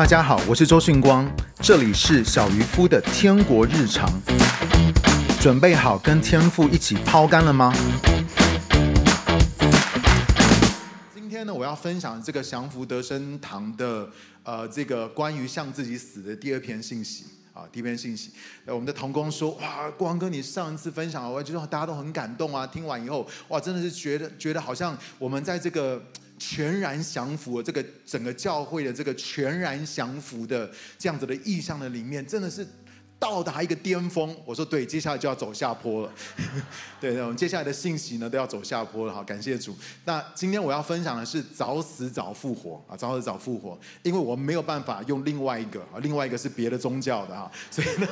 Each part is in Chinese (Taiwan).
大家好，我是周迅光，這裡是小漁夫的天國日常。準備好跟天父一起拋竿了嗎？今天呢，我要分享這個降服得生堂的呃，這個關於向自己死的第二篇信息啊，第一篇信息。我們的同工說哇，光哥你上一次分享，我覺得大家都很感動啊。聽完以後，哇，真的是覺得覺得好像我們在這個。全然降服，這個整個教會的這個全然降服的這樣子的意象的裡面，真的是到達一個巔峰，我說對，接下來就要走下坡了。 對，我們接下來的信息呢都要走下坡了哈，感謝主。那今天我要分享的是早死早復活啊，早死早復活，因為我們沒有辦法用另外一個，啊，另外一個是別的宗教的哈，所以呢，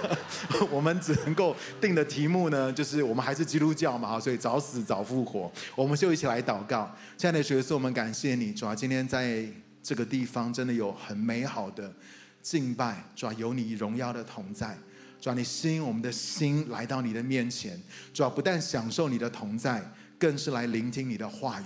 我們只能夠定的題目呢就是我們還是基督教嘛，所以早死早復活，我們就一起來禱告。親愛的主，我們感謝你，主啊，今天在這個地方真的有很美好的敬拜，主啊，有你榮耀的同在。主啊，你吸引我們的心來到你的面前。主啊，不但享受你的同在，更是來聆聽你的話語。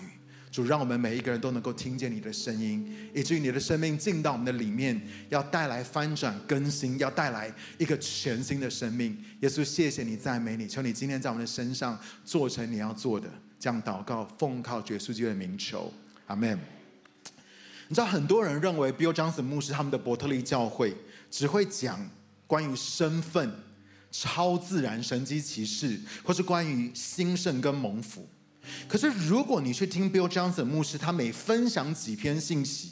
主，讓我們每一個人都能夠聽見你的聲音，以至於你的生命進到我們的裡面，要帶來翻轉更新，要帶來一個全新的生命。耶穌，謝謝你讚美你，求你今天在我們的身上做成你要做的。這樣禱告，奉靠耶穌基督的名求，阿門。你知道，很多人認為 Bill Johnson 牧師他們的伯特利教會只會講。關於身份、超自然、神蹟、奇事，或是關於興盛跟蒙福。可是，如果你去聽 Bill Johnson 的牧師，他每分享幾篇信息，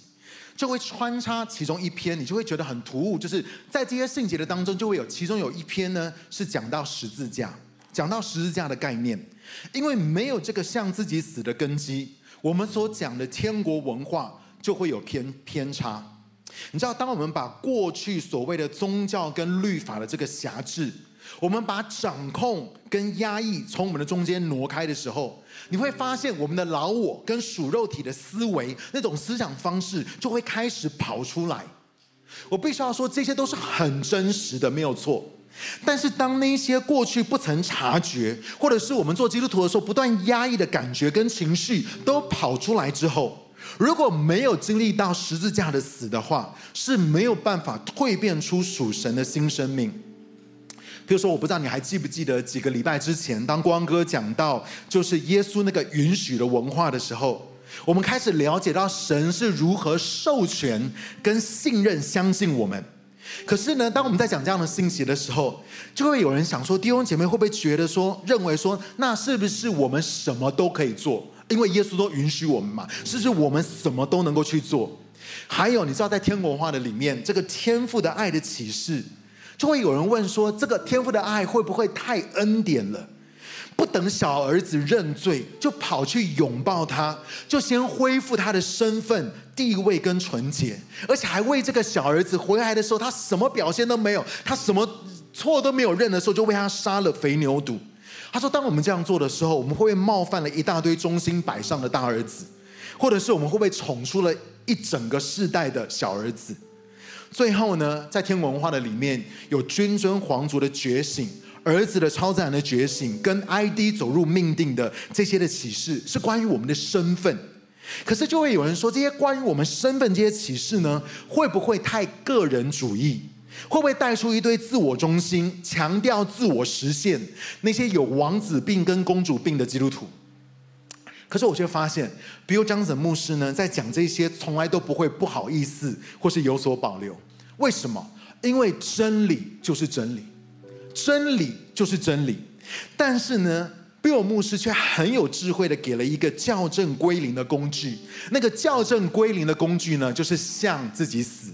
就會穿插其中一篇，你就會覺得很突兀。就是在這些信息的當中，就會有其中有一篇呢，是講到十字架，講到十字架的概念。因為沒有這個向自己死的根基，我們所講的天國文化就會有偏偏差。你知道，當我們把過去所謂的宗教跟律法的這個轄制，我們把掌控跟壓抑從我們的中間挪開的時候，你會發現我們的老我跟屬肉體的思維那種思想方式就會開始跑出來。我必須要說，這些都是很真實的，沒有錯。但是，當那些過去不曾察覺，或者是我們做基督徒的時候不斷壓抑的感覺跟情緒都跑出來之後，如果沒有經歷到十字架的死的話，是沒有辦法蛻變出屬神的新生命。比如說，我不知道你還記不記得幾個禮拜之前，當光哥講到就是耶穌那個允許的文化的時候，我們開始了解到神是如何授權跟信任、相信我們。可是呢，當我們在講這樣的信息的時候，就會有人想說：弟兄姐妹會不會覺得說，認為說，那是不是我們什麼都可以做？因為耶穌都允許我們嘛，是不是？我們什麼都能夠去做。還有，你知道在天國文化的裡面，這個天父的愛的啟示，就會有人問說：這個天父的愛會不會太恩典了？不等小兒子認罪，就跑去擁抱他，就先恢復他的身份、地位跟純潔，而且還為這個小兒子回來的時候，他什麼表現都沒有，他什麼錯都沒有認的時候，就為他殺了肥牛犢。他說：“當我們這樣做的時候，我們會不會冒犯了一大堆忠心擺上的大兒子？或者是我們會不會寵出了一整個世代的小兒子？最後呢，在天文化的裡面有君尊皇族的覺醒，兒子的超自然的覺醒，跟 ID 走入命定的這些的啟示，是關於我們的身份。可是就會有人說，這些關於我們身份這些啟示呢，會不會太個人主義？”會不會帶出一堆自我中心、強調自我實現、那些有王子病跟公主病的基督徒？可是我卻發現，Bill Johnson 牧師呢，在講這些從來都不會不好意思或是有所保留。為什麼？因為真理就是真理，真理就是真理。但是呢，Bill 牧師卻很有智慧的給了一個校正歸零的工具。那個校正歸零的工具呢，就是向自己死。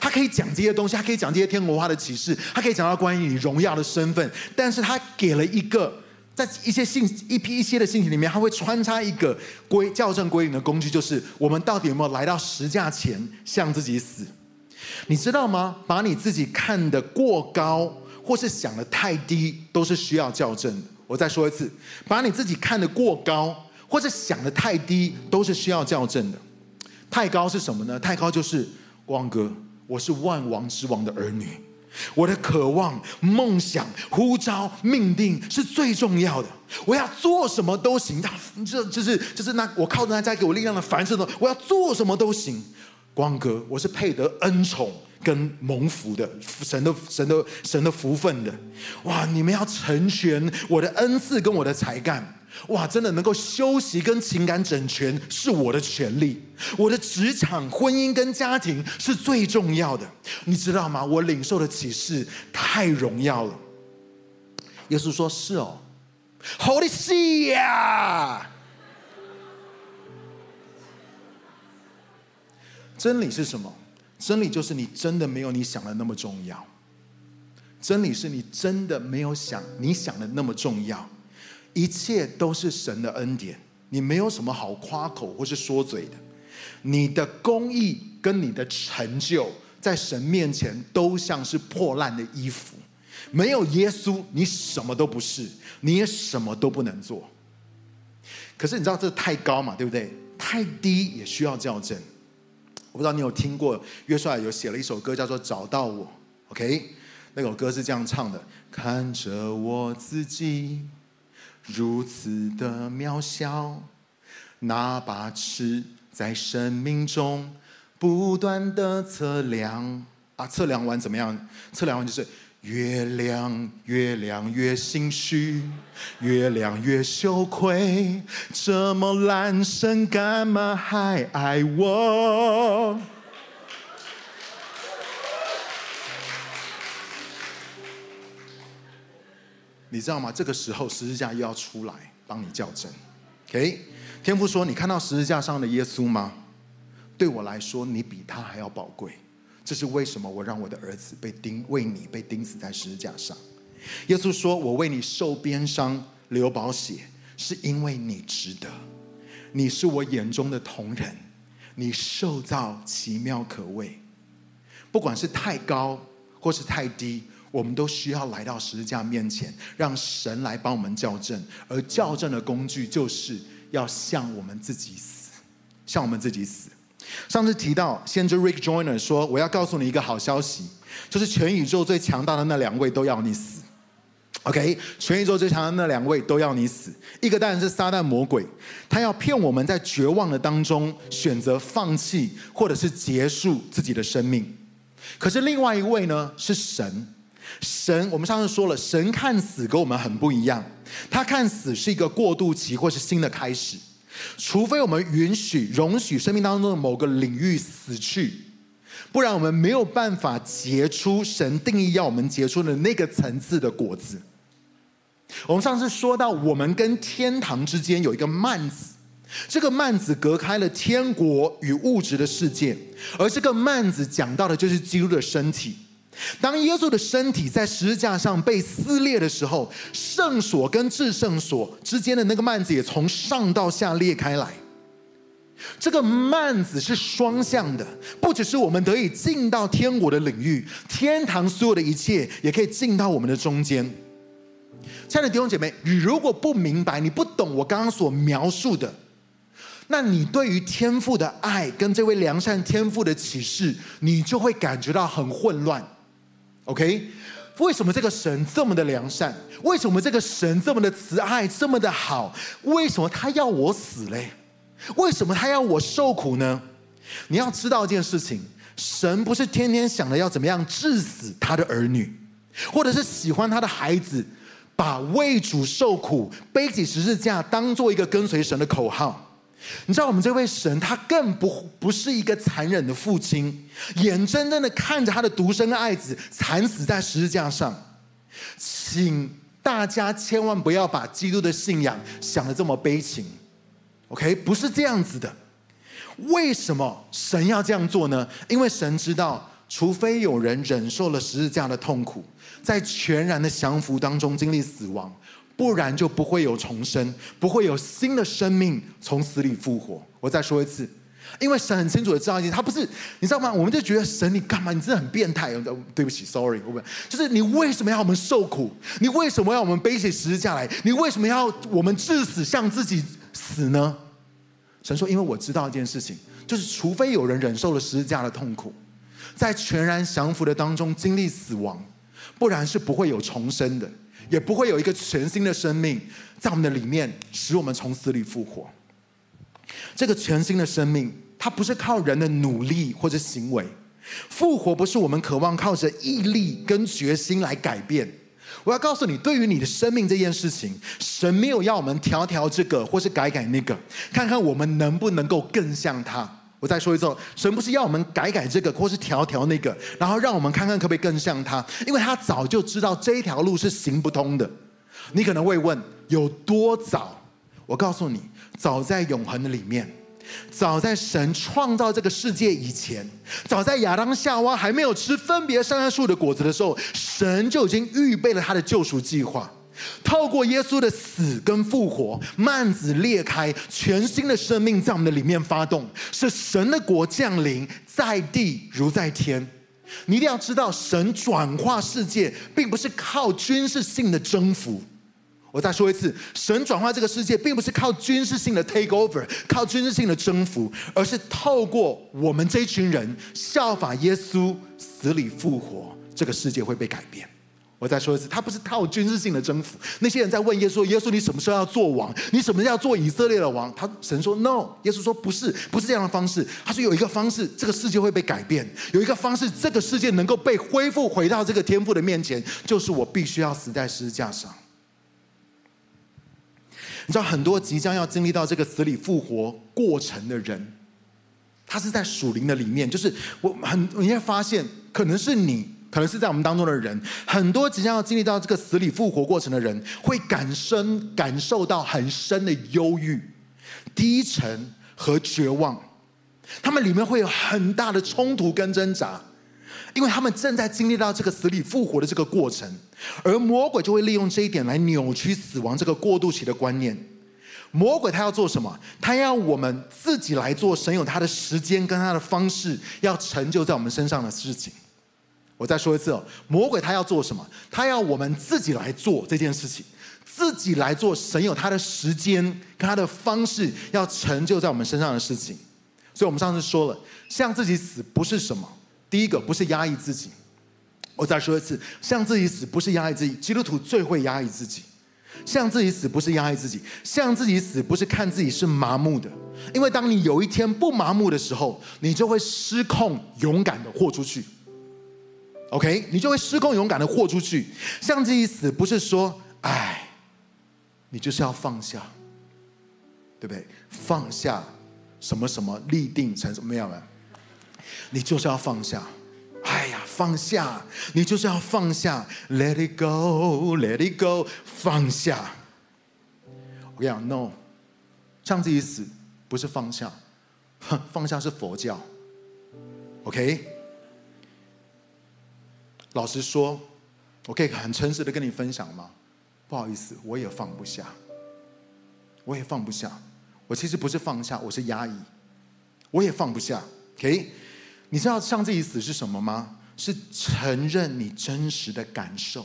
他可以講這些東西，他可以講這些天國文化的啟示，他可以講到關於你榮耀的身份。但是他給了一個，在一些信一批一些的信息裡面，他會穿插一個規校正歸零的工具，就是我們到底有沒有來到十架前向自己死？你知道嗎？把你自己看得過高，或是想的太低，都是需要校正的。我再說一次，把你自己看得過高，或者想的太低，都是需要校正的。太高是什麼呢？太高就是光哥。我是萬王之王的兒女，我的渴望、夢想、呼召、命定是最重要的。我要做什麼都行，這就是就是那我靠着那加給我力量的凡事的，我要做什麼都行。光哥，我是配得恩寵跟蒙福的，神的神的神的福分的。哇，你們要成全我的恩賜跟我的才幹。哇！真的能夠休息跟情感整全是我的權利，我的職場、婚姻跟家庭是最重要的，你知道嗎？我領受的啟示太榮耀了。耶穌說：“是哦，Holy See 呀。”真理是什麼？真理就是你真的沒有你想的那麼重要。真理是你真的沒有想你想的那麼重要。一切都是神的恩典，你沒有什麼好誇口或是說嘴的。你的公義跟你的成就，在神面前都像是破爛的衣服。沒有耶穌，你什麼都不是，你也什麼都不能做。可是你知道這太高嘛？對不對？太低也需要校正。我不知道你有聽過，約瑟有寫了一首歌，叫做《找到我》。OK，那首歌是這樣唱的：看着我自己。如此的渺小。那把尺在生命中不斷的測量啊，測量完怎麼樣？測量完就是越量越量越心虛，越量越羞愧，這麼爛神幹嘛還愛我？你知道嗎？這個時候十字架又要出來幫你較真。OK，、okay? 天父說：“你看到十字架上的耶穌嗎？對我來說，你比他還要寶貴。這是為什麼我讓我的兒子被釘，為你被釘死在十字架上？”耶穌說：“我為你受鞭傷、流寶血，是因為你值得。你是我眼中的瞳人，你受造奇妙可畏。不管是太高，或是太低。”我們都需要來到十字架面前，讓神來幫我們校正。而校正的工具就是要向我們自己死，向我們自己死。上次提到先知 Rick Joyner 說：“我要告訴你一個好消息，就是全宇宙最強大的那兩位都要你死。” OK，全宇宙最強大的那兩位都要你死。一個當然是撒旦魔鬼，他要騙我們在絕望的當中選擇放棄，或者是結束自己的生命。可是另外一位呢，是神。神，我們上次說了，神看死跟我們很不一樣，他看死是一個過渡期或是新的開始，除非我們允許容許生命當中的某個領域死去，不然我們沒有辦法結出神定義要我們結出的那個層次的果子。我們上次說到，我們跟天堂之間有一個幔子，這個幔子隔開了天國與物質的世界，而這個幔子講到的就是基督的身體。當耶穌的身體在十字架上被撕裂的時候，聖所跟至聖所之間的那個幔子也從上到下裂開來。這個幔子是雙向的，不只是我們得以進到天國的領域，天堂所有的一切也可以進到我們的中間。親愛的弟兄姐妹，你如果不明白，你不懂我剛剛所描述的，那你對於天父的愛跟這位良善天父的啟示，你就會感覺到很混亂。OK，為什麼這個神這麼的良善？為什麼這個神這麼的慈愛、這麼的好？為什麼他要我死嘞？為什麼他要我受苦呢？你要知道一件事情，神不是天天想着要怎麼樣治死他的兒女，或者是喜歡他的孩子把為主受苦、背起十字架當做一個跟隨神的口號。你知道我們這位神，他更不不是一個殘忍的父親，眼睜睜的看着他的獨生的愛子慘死在十字架上，請大家千萬不要把基督的信仰想得這麼悲情，OK？不是這樣子的。為什麼神要這樣做呢？因為神知道，除非有人忍受了十字架的痛苦，在全然的降服當中經歷死亡。不然就不會有重生，不會有新的生命從死裡復活。我再說一次，因為神很清楚的知道一件事，他不是你知道嗎？我們就覺得神，你幹嘛？你真的很變態！對不起，sorry，我們就是你為什麼要我們受苦？你為什麼要我們背起十字架來？你為什麼要我們至死向自己死呢？神說：因為我知道一件事情，就是除非有人忍受了十字架的痛苦，在全然降服的當中經歷死亡，不然是不會有重生的。也不會有一個全新的生命在我們的裡面，使我們從死裡復活。這個全新的生命，它不是靠人的努力或者行為，復活不是我們渴望靠着毅力跟決心來改變。我要告訴你，對於你的生命這件事情，神沒有要我們調調這個，或是改改那個，看看我們能不能夠更像他。我再說一次，神不是要我們改改這個，或是調調那個，然後讓我們看看可不可以更像他，因為他早就知道這一條路是行不通的。你可能會問，有多早？我告訴你，早在永恆的裡面，早在神創造這個世界以前，早在亞當夏娃還沒有吃分別善惡樹的果子的時候，神就已經預備了他的救贖計劃。透過耶穌的死跟復活，幔子裂開，全新的生命在我們的裡面發動，使神的國降臨在地如在天。你一定要知道，神轉化世界並不是靠軍事性的征服。我再說一次，神轉化這個世界並不是靠軍事性的 take over，靠軍事性的征服，而是透過我們這一群人效法耶穌死裡復活，這個世界會被改變。我再說一次，他不是靠軍事性的征服。那些人在問耶穌：“耶穌，你什麼時候要做王？你什麼時候要做以色列的王？”他神說：“No。”耶穌說：“不是，不是這樣的方式。”他說：“有一個方式，這個世界會被改變；有一個方式，這個世界能夠被恢復，回到這個天父的面前，就是我必須要死在十字架上。”你知道，很多即將要經歷到這個死裡复活過程的人，他是在屬靈的裡面。就是我很，你會發現，可能是你。可能是在我們當中的人，很多即將要經歷到這個死裡復活過程的人，會感生，感受到很深的憂鬱、低沉和絕望。他們裡面會有很大的衝突跟掙扎，因為他們正在經歷到這個死裡復活的這個過程。而魔鬼就會利用這一點來扭曲死亡這個過渡期的觀念。魔鬼他要做什麼？他要我們自己來做神有他的時間跟他的方式要成就在我們身上的事情。我再說一次哦，魔鬼他要做什麼？他要我們自己來做這件事情，自己來做神有他的時間跟他的方式要成就在我們身上的事情。所以，我們上次說了，向自己死不是什麼，第一個不是壓抑自己。我再說一次，向自己死不是壓抑自己。基督徒最會壓抑自己，向自己死不是壓抑自己，向自己死不是看自己是麻木的，因為當你有一天不麻木的時候，你就會失控，勇敢的豁出去。OK，你就會失控，勇敢的豁出去。向自己死，不是說，哎，你就是要放下，對不對？放下什麼什麼，立定成什麼樣的？你就是要放下。哎呀，放下，你就是要放下。Let it go，Let it go，放下。我、okay, 跟你講 No，向自己死，不是放下，放下是佛教。OK。老實說，我可以很誠實的跟你分享嗎？不好意思，我也放不下，我也放不下。我其實不是放下，我是壓抑。我也放不下。OK，你知道向自己死是什麼嗎？是承認你真實的感受，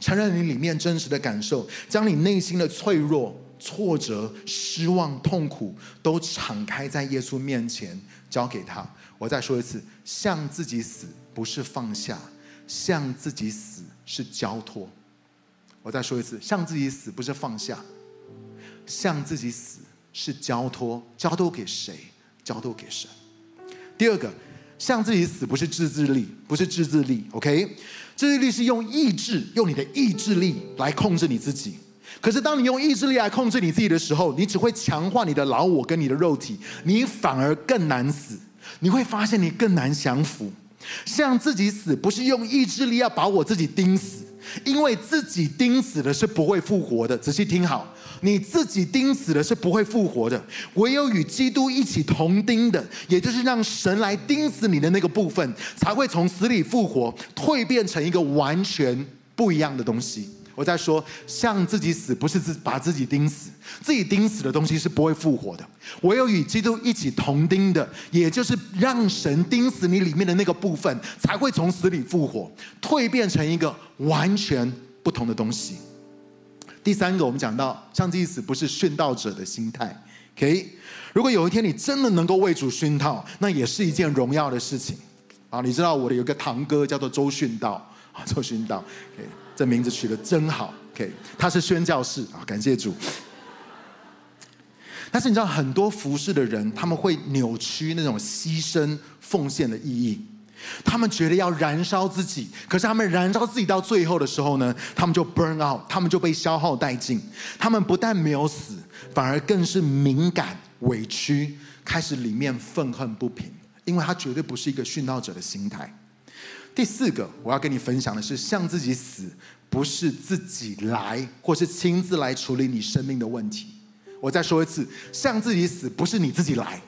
承認你裡面真實的感受，將你內心的脆弱、挫折、失望、痛苦都敞開在耶穌面前，交給他。我再說一次，向自己死不是放下。向自己死是交託，我再說一次，向自己死不是放下，向自己死是交託，交託給誰？交託給神。第二個，向自己死不是自制力，不是自制力。OK，自制力是用意志，用你的意志力來控制你自己。可是，當你用意志力來控制你自己的時候，你只會強化你的老我跟你的肉體，你反而更難死。你會發現你更難降服。像自己死，不是用意志力要把我自己釘死，因為自己釘死了是不會復活的。仔細聽好，你自己釘死了是不會復活的，唯有與基督一起同釘的，也就是讓神來釘死你的那個部分，才會從死裡復活，蛻變成一個完全不一樣的東西。我在說，向自己死不是自把自己釘死，自己釘死的東西是不會復活的。唯有與基督一起同釘的，也就是讓神釘死你裡面的那個部分，才會從死裡復活，蛻變成一個完全不同的東西。第三個，我們講到向自己死不是殉道者的心態。OK，如果有一天你真的能夠為主殉道，那也是一件榮耀的事情。啊，你知道我的有個堂哥叫做周殉道啊，周殉道。OK。這名字取得真好，K，okay，他是宣教士啊，感謝主。但是你知道，很多服侍的人，他們會扭曲那種犧牲奉獻的意義。他們覺得要燃燒自己，可是他們燃燒自己到最後的時候呢，他們就 burn out，他們就被消耗殆盡。他們不但沒有死，反而更是敏感、委屈，開始裡面憤恨不平，因為他絕對不是一個殉道者的心態。第四個，我要跟你分享的是，向自己死，不是自己來，或是親自來處理你生命的問題。我再說一次，向自己死，不是你自己來。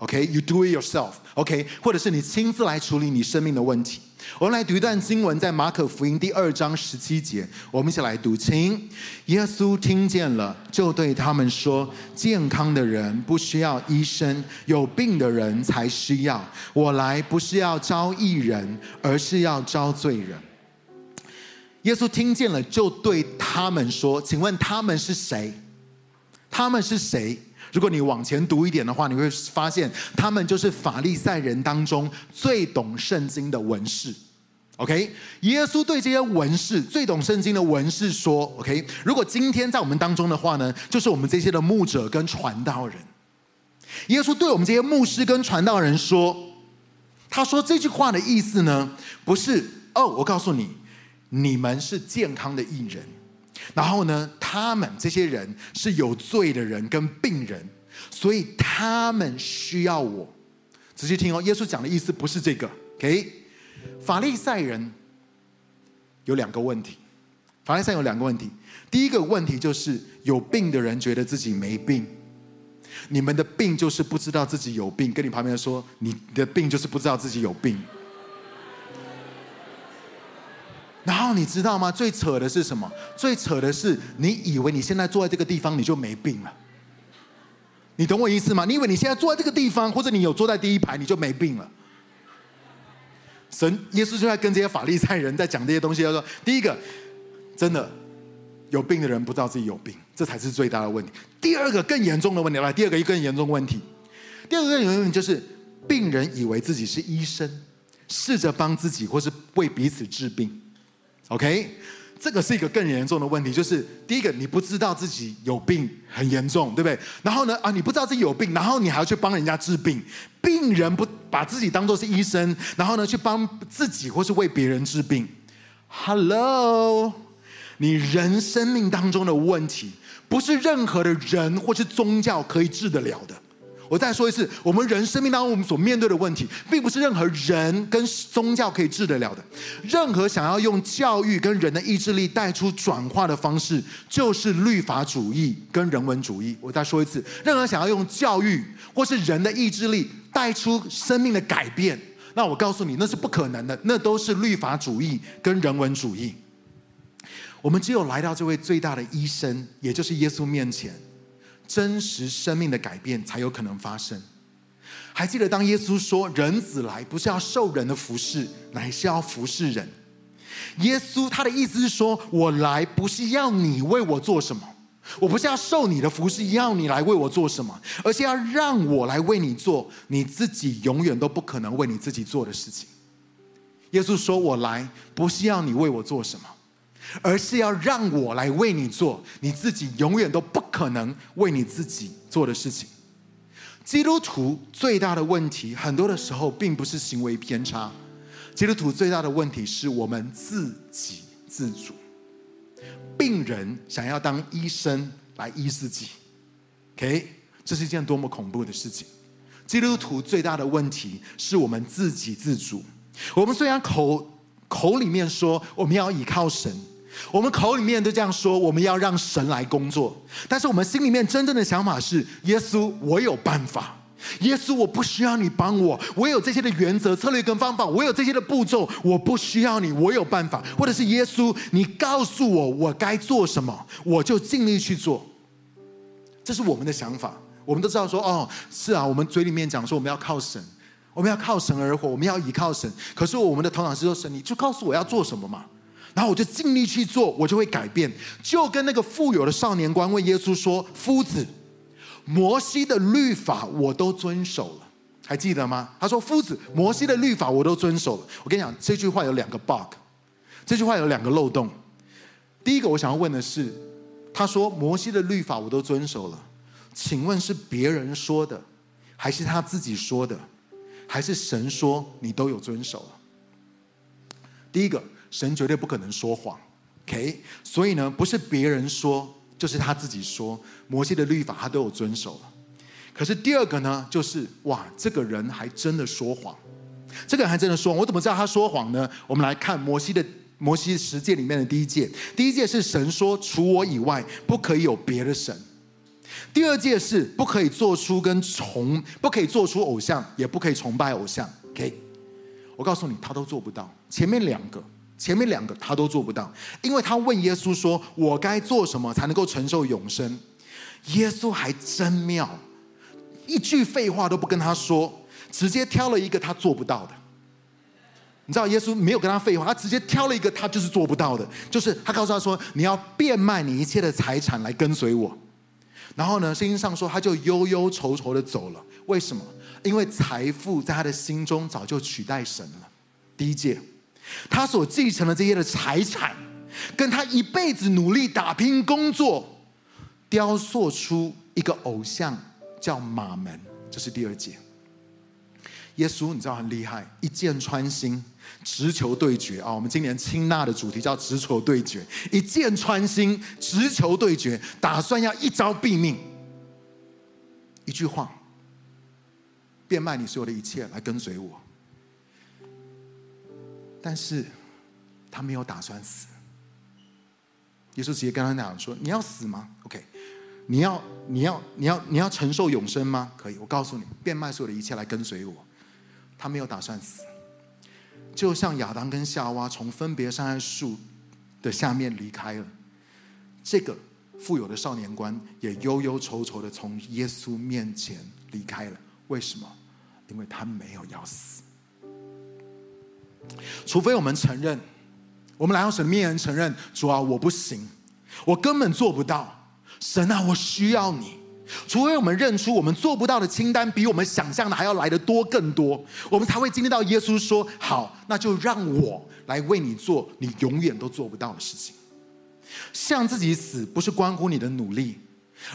OK，you、okay, do it yourself. OK，或者是你親自來處理你生命的問題。我們來讀一段經文，在馬可福音第二章十七節，我們一起來讀，請。耶穌聽見了，就對他們說：“健康的人不需要醫生，有病的人才需要。我來不是要招義人，而是要招罪人。”耶穌聽見了，就對他們說：“請問他們是誰？他們是誰？”如果你往前讀一點的話，你會發現他們就是法利賽人當中最懂聖經的文士。OK，耶穌對這些文士、最懂聖經的文士說：“OK，如果今天在我們當中的話呢，就是我們這些的牧者跟傳道人。耶穌對我們這些牧師跟傳道人說，他說這句話的意思呢，不是哦，我告訴你，你們是健康的義人。”然後呢，他們這些人是有罪的人跟病人，所以他們需要我。仔細聽哦，耶穌講的意思不是這個。OK，法利賽人有兩個問題，法利賽有兩個問題。第一個問題就是有病的人覺得自己沒病，你們的病就是不知道自己有病，跟你旁邊說你的病就是不知道自己有病。然後你知道嗎？最扯的是什麼？最扯的是，你以為你現在坐在這個地方，你就沒病了。你懂我意思嗎？你以為你現在坐在這個地方，或者你有坐在第一排，你就沒病了。神耶穌就在跟這些法利賽人在講這些東西，他說：第一個，真的有病的人不知道自己有病，這才是最大的問題。第二個更嚴重的問題，來，第二個更嚴重問題，第二個更嚴重的問題就是，病人以為自己是醫生，試着幫自己或是為彼此治病。OK，這個是一個更嚴重的問題，就是第一個，你不知道自己有病，很嚴重，對不對？然後呢，啊，你不知道自己有病，然後你還要去幫人家治病，病人不把自己當做是醫生，然後呢，去幫自己或是為別人治病。Hello，你人生命當中的問題，不是任何的人或是宗教可以治得了的。我再說一次，我們人生命當中我們所面對的問題，並不是任何人跟宗教可以治得了的。任何想要用教育跟人的意志力帶出轉化的方式，就是律法主義跟人文主義。我再說一次，任何想要用教育或是人的意志力帶出生命的改變，那我告訴你，那是不可能的。那都是律法主義跟人文主義。我們只有來到這位最大的醫生，也就是耶穌面前。真實生命的改變才有可能發生。還記得當耶穌說“人子來，不是要受人的服侍，乃是要服侍人。”耶穌他的意思是說：“我來不是要你為我做什麼，我不是要受你的服侍，要你來為我做什麼，而是要讓我來為你做你自己永遠都不可能為你自己做的事情。”耶穌說：“我來不是要你為我做什麼。”而是要讓我來為你做你自己永遠都不可能為你自己做的事情。基督徒最大的問題，很多的時候並不是行為偏差，基督徒最大的問題是我們自給自足。病人想要當醫生來醫自己，OK，這是一件多麼恐怖的事情！基督徒最大的問題是我們自給自足。我們雖然口口裡面說我們要依靠神。我們口裡面都這樣說，我們要讓神來工作，但是我們心裡面真正的想法是：耶穌，我有辦法；耶穌，我不需要你幫我，我有這些的原則、策略跟方法，我有這些的步驟，我不需要你，我有辦法。或者是耶穌，你告訴我我該做什麼，我就盡力去做。這是我們的想法。我們都知道說，哦，是啊，我們嘴裡面講說我們要靠神，我們要靠神而活，我們要倚靠神。可是我們的頭腦是說，神，你就告訴我要做什麼嘛。然後我就盡力去做，我就會改變。就跟那個富有的少年官問耶穌說：“夫子，摩西的律法我都遵守了，還記得嗎？”他說：“夫子，摩西的律法我都遵守了。”我跟你講，這句話有兩個 bug，這句話有兩個漏洞。第一個，我想要問的是，他說摩西的律法我都遵守了，請問是別人說的，還是他自己說的，還是神說你都有遵守了？第一個。神絕對不可能說謊，OK？所以呢，不是別人說，就是他自己說。摩西的律法他都有遵守了。可是第二個呢，就是哇，這個人還真的說謊。這個人還真的說謊，我怎麼知道他說謊呢？我們來看摩西的摩西十誡裡面的第一誡，第一誡是神說，除我以外不可以有別的神。第二誡是不可以做出跟崇，不可以做出偶像，也不可以崇拜偶像。OK？我告訴你，他都做不到前面兩個。前面兩個他都做不到，因為他問耶穌說：“我該做什麼才能夠承受永生？”耶穌還真妙，一句廢話都不跟他說，直接挑了一個他做不到的。你知道，耶穌沒有跟他廢話，他直接挑了一個他就是做不到的，就是他告訴他說：“你要變賣你一切的財產來跟隨我。”然後呢，聖經上說他就憂憂愁愁的走了。為什麼？因為財富在他的心中早就取代神了。第一件。他所繼承的這些的財產，跟他一輩子努力打拼工作，雕塑出一個偶像叫馬門，這是第二節。耶穌你知道很厲害，一箭穿心，直球對決啊！我們今年清納的主題叫直球對決，一箭穿心，直球對決，打算要一招斃命。一句話，變賣你所有的一切來跟隨我。但是，他沒有打算死。耶穌直接跟他講說：“你要死嗎？OK，你要你要你要你要承受永生嗎？可以，我告訴你，變賣所有的一切來跟隨我。”他沒有打算死，就像亞當跟夏娃從分別善惡樹的下面離開了，這個富有的少年官也憂憂愁愁的從耶穌面前離開了。為什麼？因為他沒有要死。除非我們承認，我們來到神面前承認主啊，我不行，我根本做不到。神啊，我需要你。除非我們認出我們做不到的清單比我們想象的還要來得多更多，我們才會經歷到耶穌說：“好，那就讓我來為你做你永遠都做不到的事情。”向自己死，不是關乎你的努力。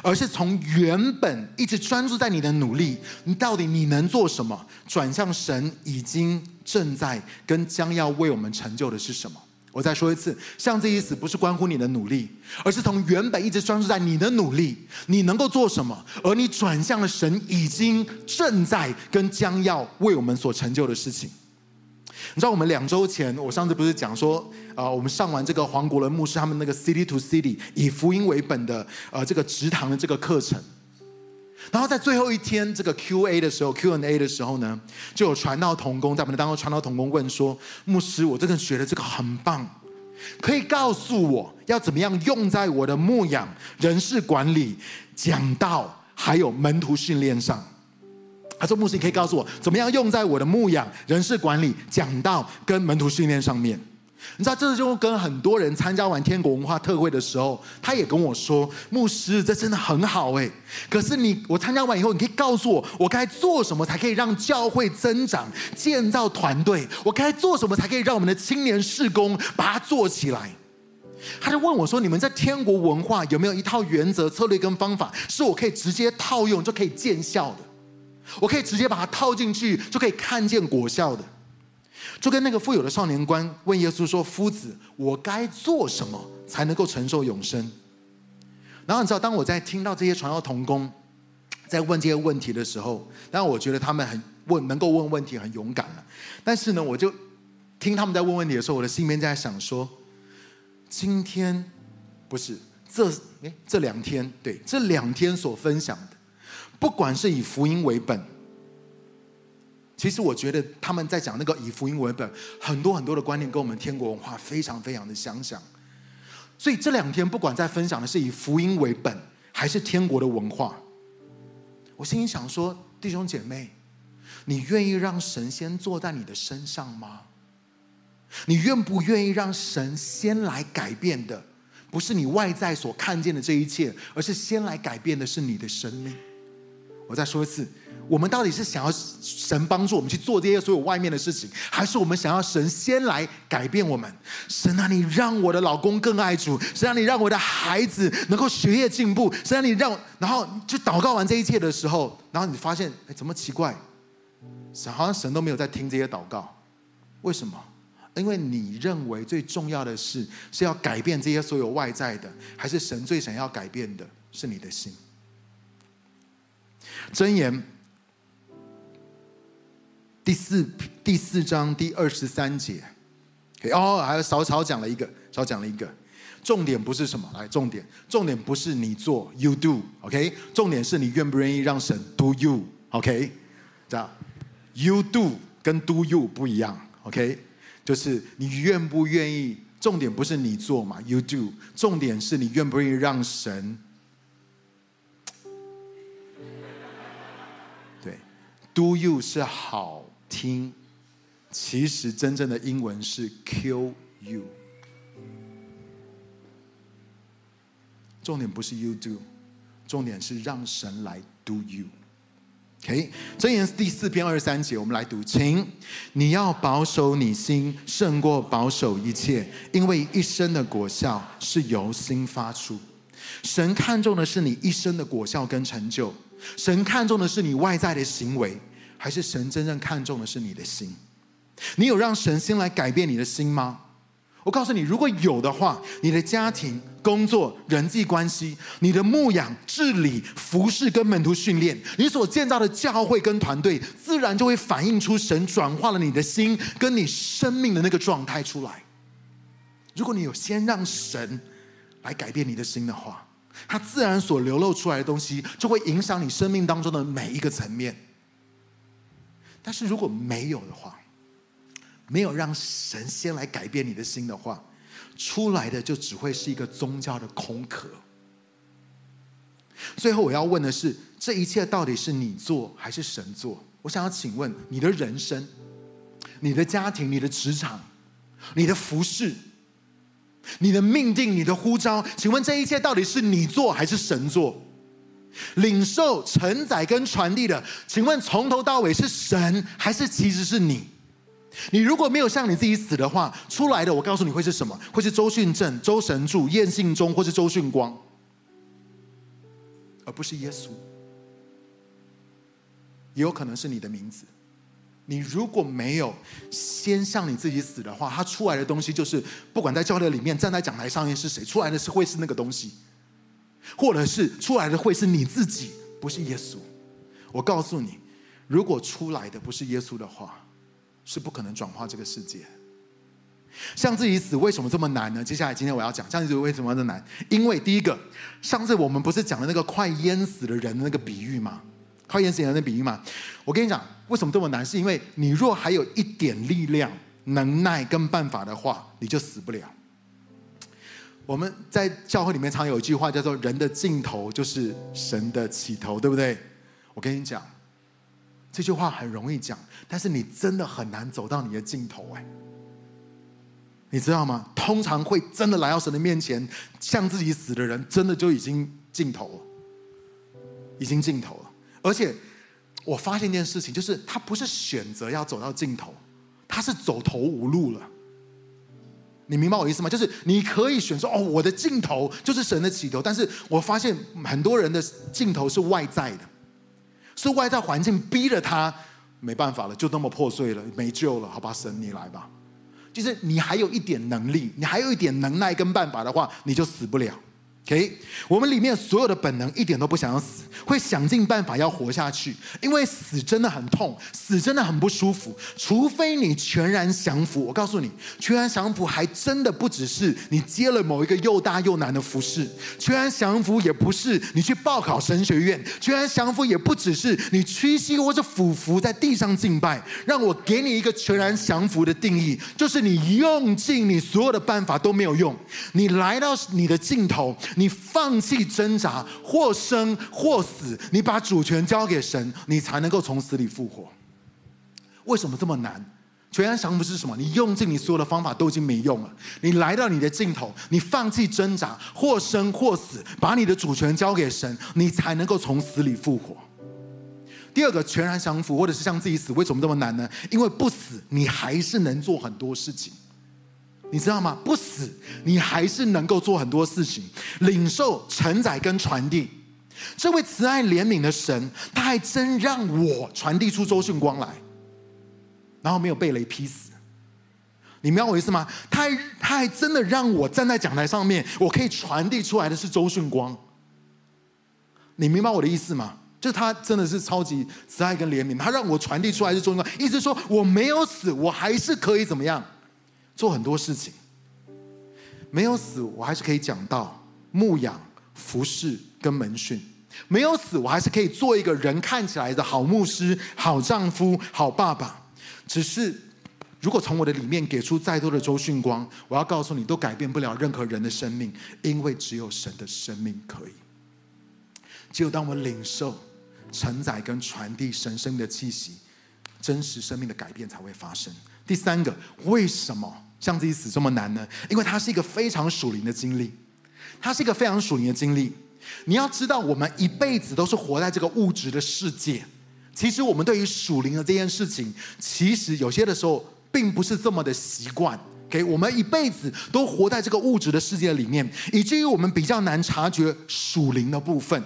而是從原本一直專注在你的努力，你到底你能做什麼，轉向神已經正在跟將要為我們成就的是什麼？我再說一次，像這意思不是關乎你的努力，而是從原本一直專注在你的努力，你能夠做什麼，而你轉向了神已經正在跟將要為我們所成就的事情。你知道，我們兩周前，我上次不是講說。啊、呃，我們上完這個黃國倫牧師他們那個 City to City 以福音為本的呃這個植堂的這個課程，然後在最後一天這個 Q&A 的時候，Q&A 的時候呢，就有傳道同工在我們的當中傳道同工問說：“牧師，我真的覺得這個很棒，可以告訴我要怎麼樣用在我的牧養、人事管理、講道，還有門徒訓練上？”他、啊、說：“牧師，你可以告訴我怎麼樣用在我的牧養、人事管理、講道跟門徒訓練上面。”你知道，這就跟很多人參加完天國文化特會的時候，他也跟我說：“牧師，這真的很好誒。可是你，我參加完以後，你可以告訴我，我該做什麼才可以讓教會增長、建造團隊？我該做什麼才可以讓我們的青年事工把它做起來？”他就問我說：“你們在天國文化有沒有一套原則、策略跟方法，是我可以直接套用就可以見效的？我可以直接把它套進去，就可以看見果效的？”就跟那個富有的少年官問耶穌說：“夫子，我該做什麼才能夠承受永生？”然後你知道，當我在聽到這些傳道同工在問這些問題的時候，當然後我覺得他們很問，能夠問問題很勇敢了、啊。但是呢，我就聽他們在問問題的時候，我的心裡面在想說：今天不是這哎這兩天，對這兩天所分享的，不管是以福音為本。其實我覺得他們在講那個以福音為本，很多很多的觀念跟我們天國文化非常非常的相像。所以這兩天不管在分享的是以福音為本，還是天國的文化，我心裡想說，弟兄姐妹，你願意讓神先坐在你的身上嗎？你願不願意讓神先來改變的，不是你外在所看見的這一切，而是先來改變的是你的生命。我再說一次。我們到底是想要神幫助我們去做這些所有外面的事情，還是我們想要神先來改變我們？神啊，你讓我的老公更愛主，神啊，你讓我的孩子能夠學業進步，神啊，你讓……然後就禱告完這一切的時候，然後你發現，哎，怎麼奇怪？神好像神都沒有在聽這些禱告，為什麼？因為你認為最重要的事是要改變這些所有外在的，還是神最想要改變的是你的心？箴言。第四第四章第二十三節哦，還有、okay. oh, 少少講了一個，少講了一個，重點不是什麼，來，重點，重點不是你做，You do，OK，、okay? 重點是你願不願意讓神 Do you，OK，、okay? 這樣，You do 跟 Do you 不一樣，OK，就是你願不願意，重點不是你做嘛，You do，重點是你願不願意讓神，對，Do you 是好。聽，其實真正的英文是 “kill you”。重點不是 “you do”，重點是讓神來 “do you”。OK，《箴言》第四篇二十三節，我們來讀：“請你要保守你心，勝過保守一切，因為一生的果效是由心發出。神看重的是你一生的果效跟成就，神看重的是你外在的行為。”還是神真正看重的是你的心，你有讓神先來改變你的心嗎？我告訴你，如果有的話，你的家庭、工作、人際關係、你的牧養、治理、服侍、跟門徒訓練，你所建造的教會跟團隊，自然就會反映出神轉化了你的心跟你生命的那個狀態出來。如果你有先讓神來改變你的心的話，它自然所流露出來的東西，就會影響你生命當中的每一個層面。但是如果沒有的話，沒有讓神先來改變你的心的話，出來的就只會是一個宗教的空殼。最後我要問的是：這一切到底是你做還是神做？我想要請問你的人生、你的家庭、你的職場、你的服事、你的命定、你的呼召，請問這一切到底是你做還是神做？領受、承載跟傳遞的，請問從頭到尾是神，還是其實是你？你如果沒有向你自己死的話，出來的我告訴你會是什麼？會是周巽正、周神助、晏信中，或是周巽光，而不是耶穌。也有可能是你的名字。你如果沒有先向你自己死的話，他出來的東西就是不管在教會裡面站在講台上面是誰，出來的是會是那個東西。或者是出來的會是你自己，不是耶穌。我告訴你，如果出來的不是耶穌的話，是不可能轉化這個世界。向自己死為什麼這麼難呢？接下來今天我要講，向自己為什麼這麼難？因為第一個，上次我們不是講了那個快淹死的人的那個比喻嗎？快淹死人的比喻嗎？我跟你講，為什麼這麼難？是因為你若還有一點力量、能耐跟辦法的話，你就死不了。我們在教會裡面常有一句話，叫做“人的盡頭就是神的起頭”，對不對？我跟你講，這句話很容易講，但是你真的很難走到你的盡頭，哎，你知道嗎？通常會真的來到神的面前，向自己死的人，真的就已經盡頭了，已經盡頭了。而且我發現一件事情，就是他不是選擇要走到盡頭，他是走投無路了。你明白我意思嗎？就是你可以選擇哦，我的盡頭就是神的起頭。但是我發現很多人的盡頭是外在的，是外在環境逼着他，沒辦法了，就那麼破碎了，沒救了，好吧？神，你來吧。就是你還有一點能力，你還有一點能耐跟辦法的話，你就死不了。OK，我們裡面所有的本能一點都不想要死，會想盡辦法要活下去，因為死真的很痛，死真的很不舒服。除非你全然降服。我告訴你，全然降服還真的不只是你接了某一個又大又難的服侍，全然降服也不是你去報考神學院，全然降服也不只是你屈膝或者俯伏在地上敬拜。讓我給你一個全然降服的定義，就是你用盡你所有的辦法都沒有用，你來到你的盡頭。你放棄掙扎，或生或死，你把主權交給神，你才能夠從死裡復活。為什麼這麼難？全然降服是什麼？你用盡你所有的方法都已經沒用了，你來到你的盡頭，你放棄掙扎，或生或死，把你的主權交給神，你才能夠從死裡復活。第二個，全然降服，或者是讓自己死，為什麼這麼難呢？因為不死，你還是能做很多事情。你知道嗎？不死，你還是能夠做很多事情，領受、承載跟傳遞。這位慈愛憐憫的神，他還真讓我傳遞出周迅光來，然後沒有被雷劈死。你明白我意思嗎？他還他還真的讓我站在講台上面，我可以傳遞出來的是周迅光。你明白我的意思嗎？就他真的是超級慈愛跟憐憫，他讓我傳遞出來的是周迅光，意思說我沒有死，我還是可以怎麼樣。做很多事情，沒有死，我還是可以講到牧養、服侍跟門訓；沒有死，我還是可以做一個人看起來的好牧師、好丈夫、好爸爸。只是，如果從我的裡面給出再多的周訊光，我要告訴你，都改變不了任何人的生命，因為只有神的生命可以。只有當我們領受、承載跟傳遞神生命的氣息，真實生命的改變才會發生。第三個，為什麼？像自己死這麼難呢？因為它是一個非常屬靈的經歷，它是一個非常屬靈的經歷。你要知道，我們一輩子都是活在這個物質的世界。其實，我們對於屬靈的這件事情，其實有些的時候並不是這麼的習慣。給、okay? 我們一輩子都活在這個物質的世界裡面，以至於我們比較難察覺屬靈的部分。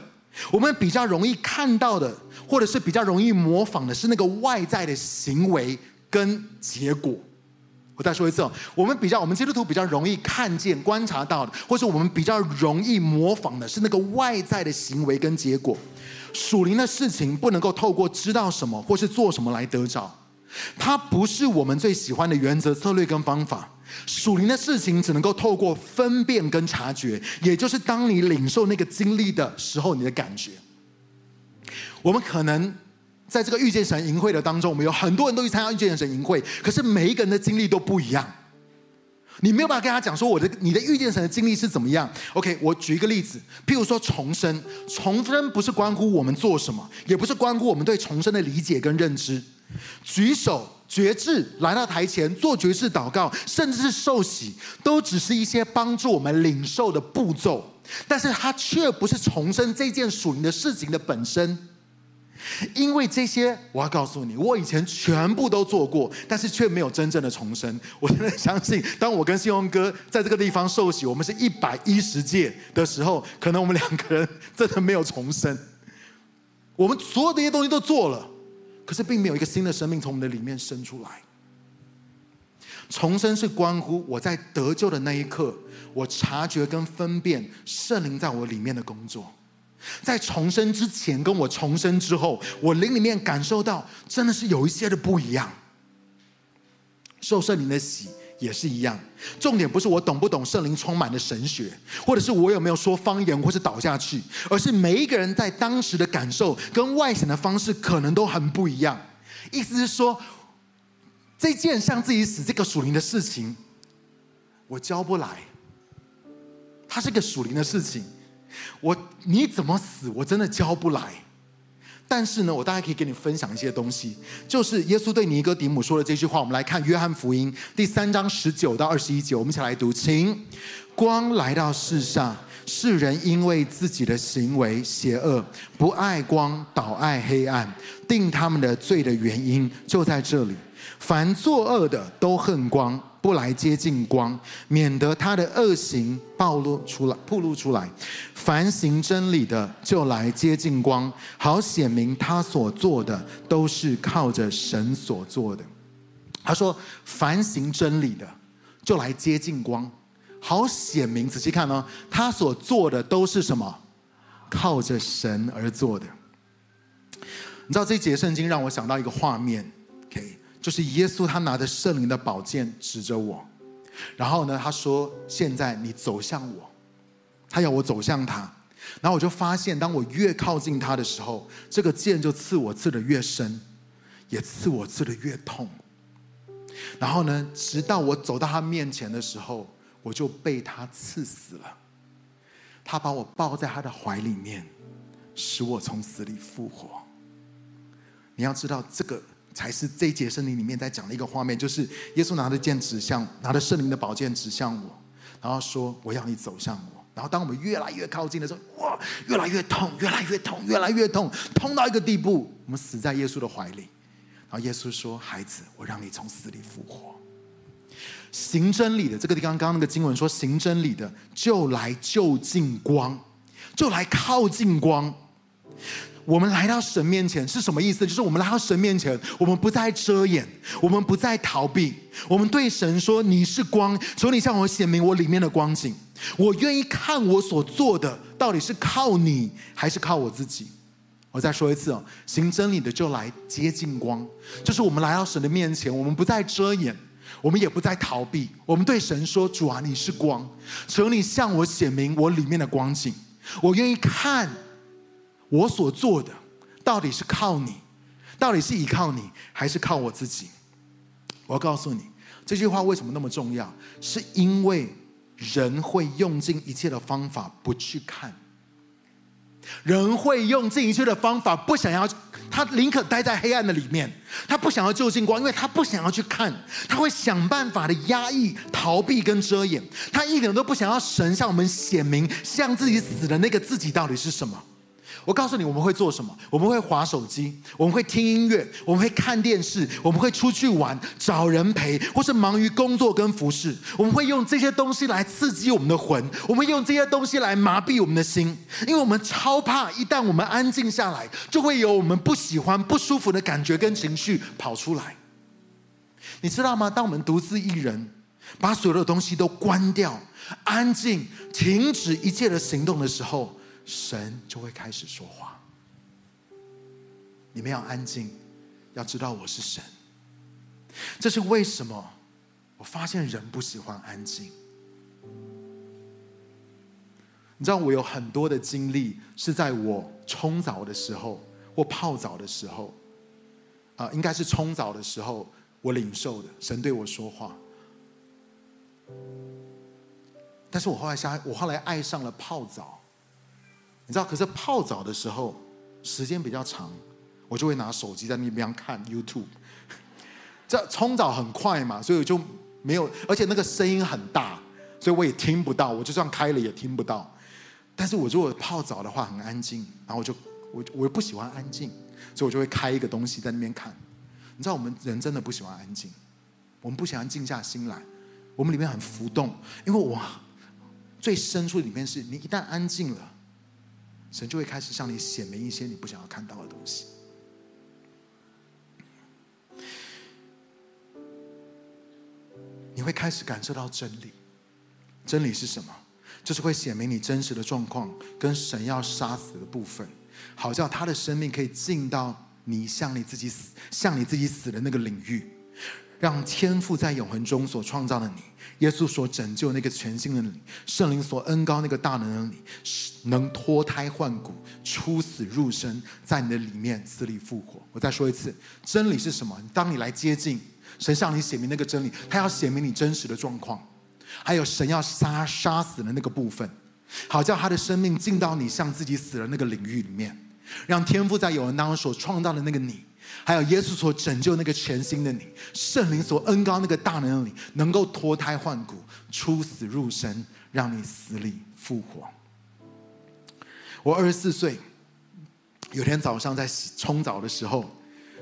我們比較容易看到的，或者是比較容易模仿的，是那個外在的行為跟結果。我再說一次，我們比較，我們基督徒比較容易看見、觀察到的，或是我們比較容易模仿的，是那個外在的行為跟結果。屬靈的事情不能夠透過知道什麼或是做什麼來得着，它不是我們最喜歡的原則、策略跟方法。屬靈的事情只能夠透過分辨跟察覺，也就是當你領受那個經歷的時候，你的感覺。我們可能。在這個遇見神營會的當中，我們有很多人都去參加遇見神營會，可是每一個人的經歷都不一樣。你沒有辦法跟他講說我的你的遇見神的經歷是怎麼樣。OK，我舉一個例子，譬如說重生，重生不是關乎我們做什麼，也不是關乎我們對重生的理解跟認知。舉手、決志來到台前做決志禱告，甚至是受洗，都只是一些幫助我們領受的步驟，但是它卻不是重生這件屬靈的事情的本身。因為這些，我要告訴你，我以前全部都做過，但是卻沒有真正的重生。我真的相信，當我跟信用哥在這個地方受洗，我們是一百一十屆的時候，可能我們兩個人真的沒有重生。我們所有這些東西都做了，可是並沒有一個新的生命從我們的裡面生出來。重生是關乎我在得救的那一刻，我察覺跟分辨聖靈在我裡面的工作。在重生之前，跟我重生之後，我靈裡面感受到真的是有一些的不一樣。受聖靈的洗也是一樣，重點不是我懂不懂聖靈充滿的神學，或者是我有沒有說方言，或是倒下去，而是每一個人在當時的感受跟外顯的方式可能都很不一樣。意思是說，這件像自己死這個屬靈的事情，我教不來，它是個屬靈的事情。我你怎麼死？我真的教不來。但是呢，我大概可以跟你分享一些東西，就是耶穌對尼哥底母說的這句話。我們來看約翰福音第三章十九到二十一節，我們一起來讀，請。光來到世上，世人因為自己的行為邪惡，不愛光，倒愛黑暗。定他們的罪的原因就在這裡。凡作惡的都恨光，不來接近光，免得他的惡行暴露出來。暴露出來，凡行真理的就來接近光，好顯明他所做的都是靠着神所做的。他說：“凡行真理的，就來接近光，好顯明。”仔細看哦，他所做的都是什麼？靠着神而做的。你知道這節聖經讓我想到一個畫面。就是耶穌，他拿着聖靈的寶劍指着我，然後呢，他說：“現在你走向我。”他要我走向他，然後我就發現，當我越靠近他的時候，這個劍就刺我刺得越深，也刺我刺得越痛。然後呢，直到我走到他面前的時候，我就被他刺死了。他把我抱在他的懷裡面，使我從死裡復活。你要知道這個。才是這一節聖靈裡面在講的一個畫面，就是耶穌拿着劍指向，拿着聖靈的寶劍指向我，然後說：“我要你走向我。”然後當我們越來越靠近的時候，哇，越來越痛，越來越痛，越來越痛，痛到一個地步，我們死在耶穌的懷裡。然後耶穌說：“孩子，我讓你從死裡復活。”行真理的這個地方，剛剛那個經文說：“行真理的就來就近光，就來靠近光。”我們來到神面前是什麼意思？就是我們來到神面前，我們不再遮掩，我們不再逃避，我們對神說：“你是光，求你向我顯明我裡面的光景，我願意看我所做的到底是靠你還是靠我自己。”我再說一次哦、啊，行真理的就來接近光，就是我們來到神的面前，我們不再遮掩，我們也不再逃避，我們對神說：“主啊，你是光，求你向我顯明我裡面的光景，我願意看。”我所做的，到底是靠你，到底是依靠你，還是靠我自己？我要告訴你，這句話為什麼那麼重要，是因為人會用盡一切的方法不去看，人會用盡一切的方法不想要，他寧可待在黑暗的裡面，他不想要就近光，因為他不想要去看，他會想辦法的壓抑、逃避跟遮掩，他一點都不想要神向我們顯明，向自己死的那個自己到底是什麼。我告訴你，我們會做什麼？我們會滑手機，我們會聽音樂，我們會看電視，我們會出去玩，找人陪，或是忙於工作跟服侍。我們會用這些東西來刺激我們的魂，我們用這些東西來麻痹我們的心，因為我們超怕一旦我們安靜下來，就會有我們不喜歡、不舒服的感覺跟情緒跑出來。你知道嗎？當我們獨自一人，把所有的東西都關掉，安靜，停止一切的行動的時候。神就會開始說話，你們要安靜，要知道我是神。這是為什麼？我發現人不喜歡安靜。你知道，我有很多的經歷是在我沖澡的時候或泡澡的時候，啊，應該是沖澡的時候，我領受的神對我說話。但是我後來愛，我後來愛上了泡澡。你知道，可是泡澡的時候時間比較長，我就會拿手機在那邊看 YouTube。這沖澡很快嘛，所以我就沒有，而且那個聲音很大，所以我也聽不到。我就算開了也聽不到。但是我如果泡澡的話很安靜，然後就我就我我又不喜歡安靜，所以我就會開一個東西在那邊看。你知道，我們人真的不喜歡安靜，我們不喜歡靜下心來，我們裡面很浮動。因為我最深處裡面是你一旦安靜了。神就會開始向你顯明一些你不想要看到的東西。你會開始感受到真理，真理是什麼？就是會顯明你真實的狀況跟神要殺死的部分，好叫他的生命可以進到你向你自己死、向你自己死的那個領域。讓天父在永恆中所創造的你，耶穌所拯救那個全新的你，聖靈所恩膏那個大能的你，能脫胎換骨，出死入生，在你的裡面死裡復活。我再說一次，真理是什麼？當你來接近神，向你顯明那個真理，他要顯明你真實的狀況，還有神要殺殺死的那個部分，好叫他的生命進到你向自己死的那個領域裡面，讓天父在永恆當中所創造的那個你。還有耶穌所拯救那個全新的你，聖靈所恩膏那個大能的你，能夠脫胎換骨、出死入生，讓你死裡復活。我二十四歲，有天早上在洗沖澡的時候，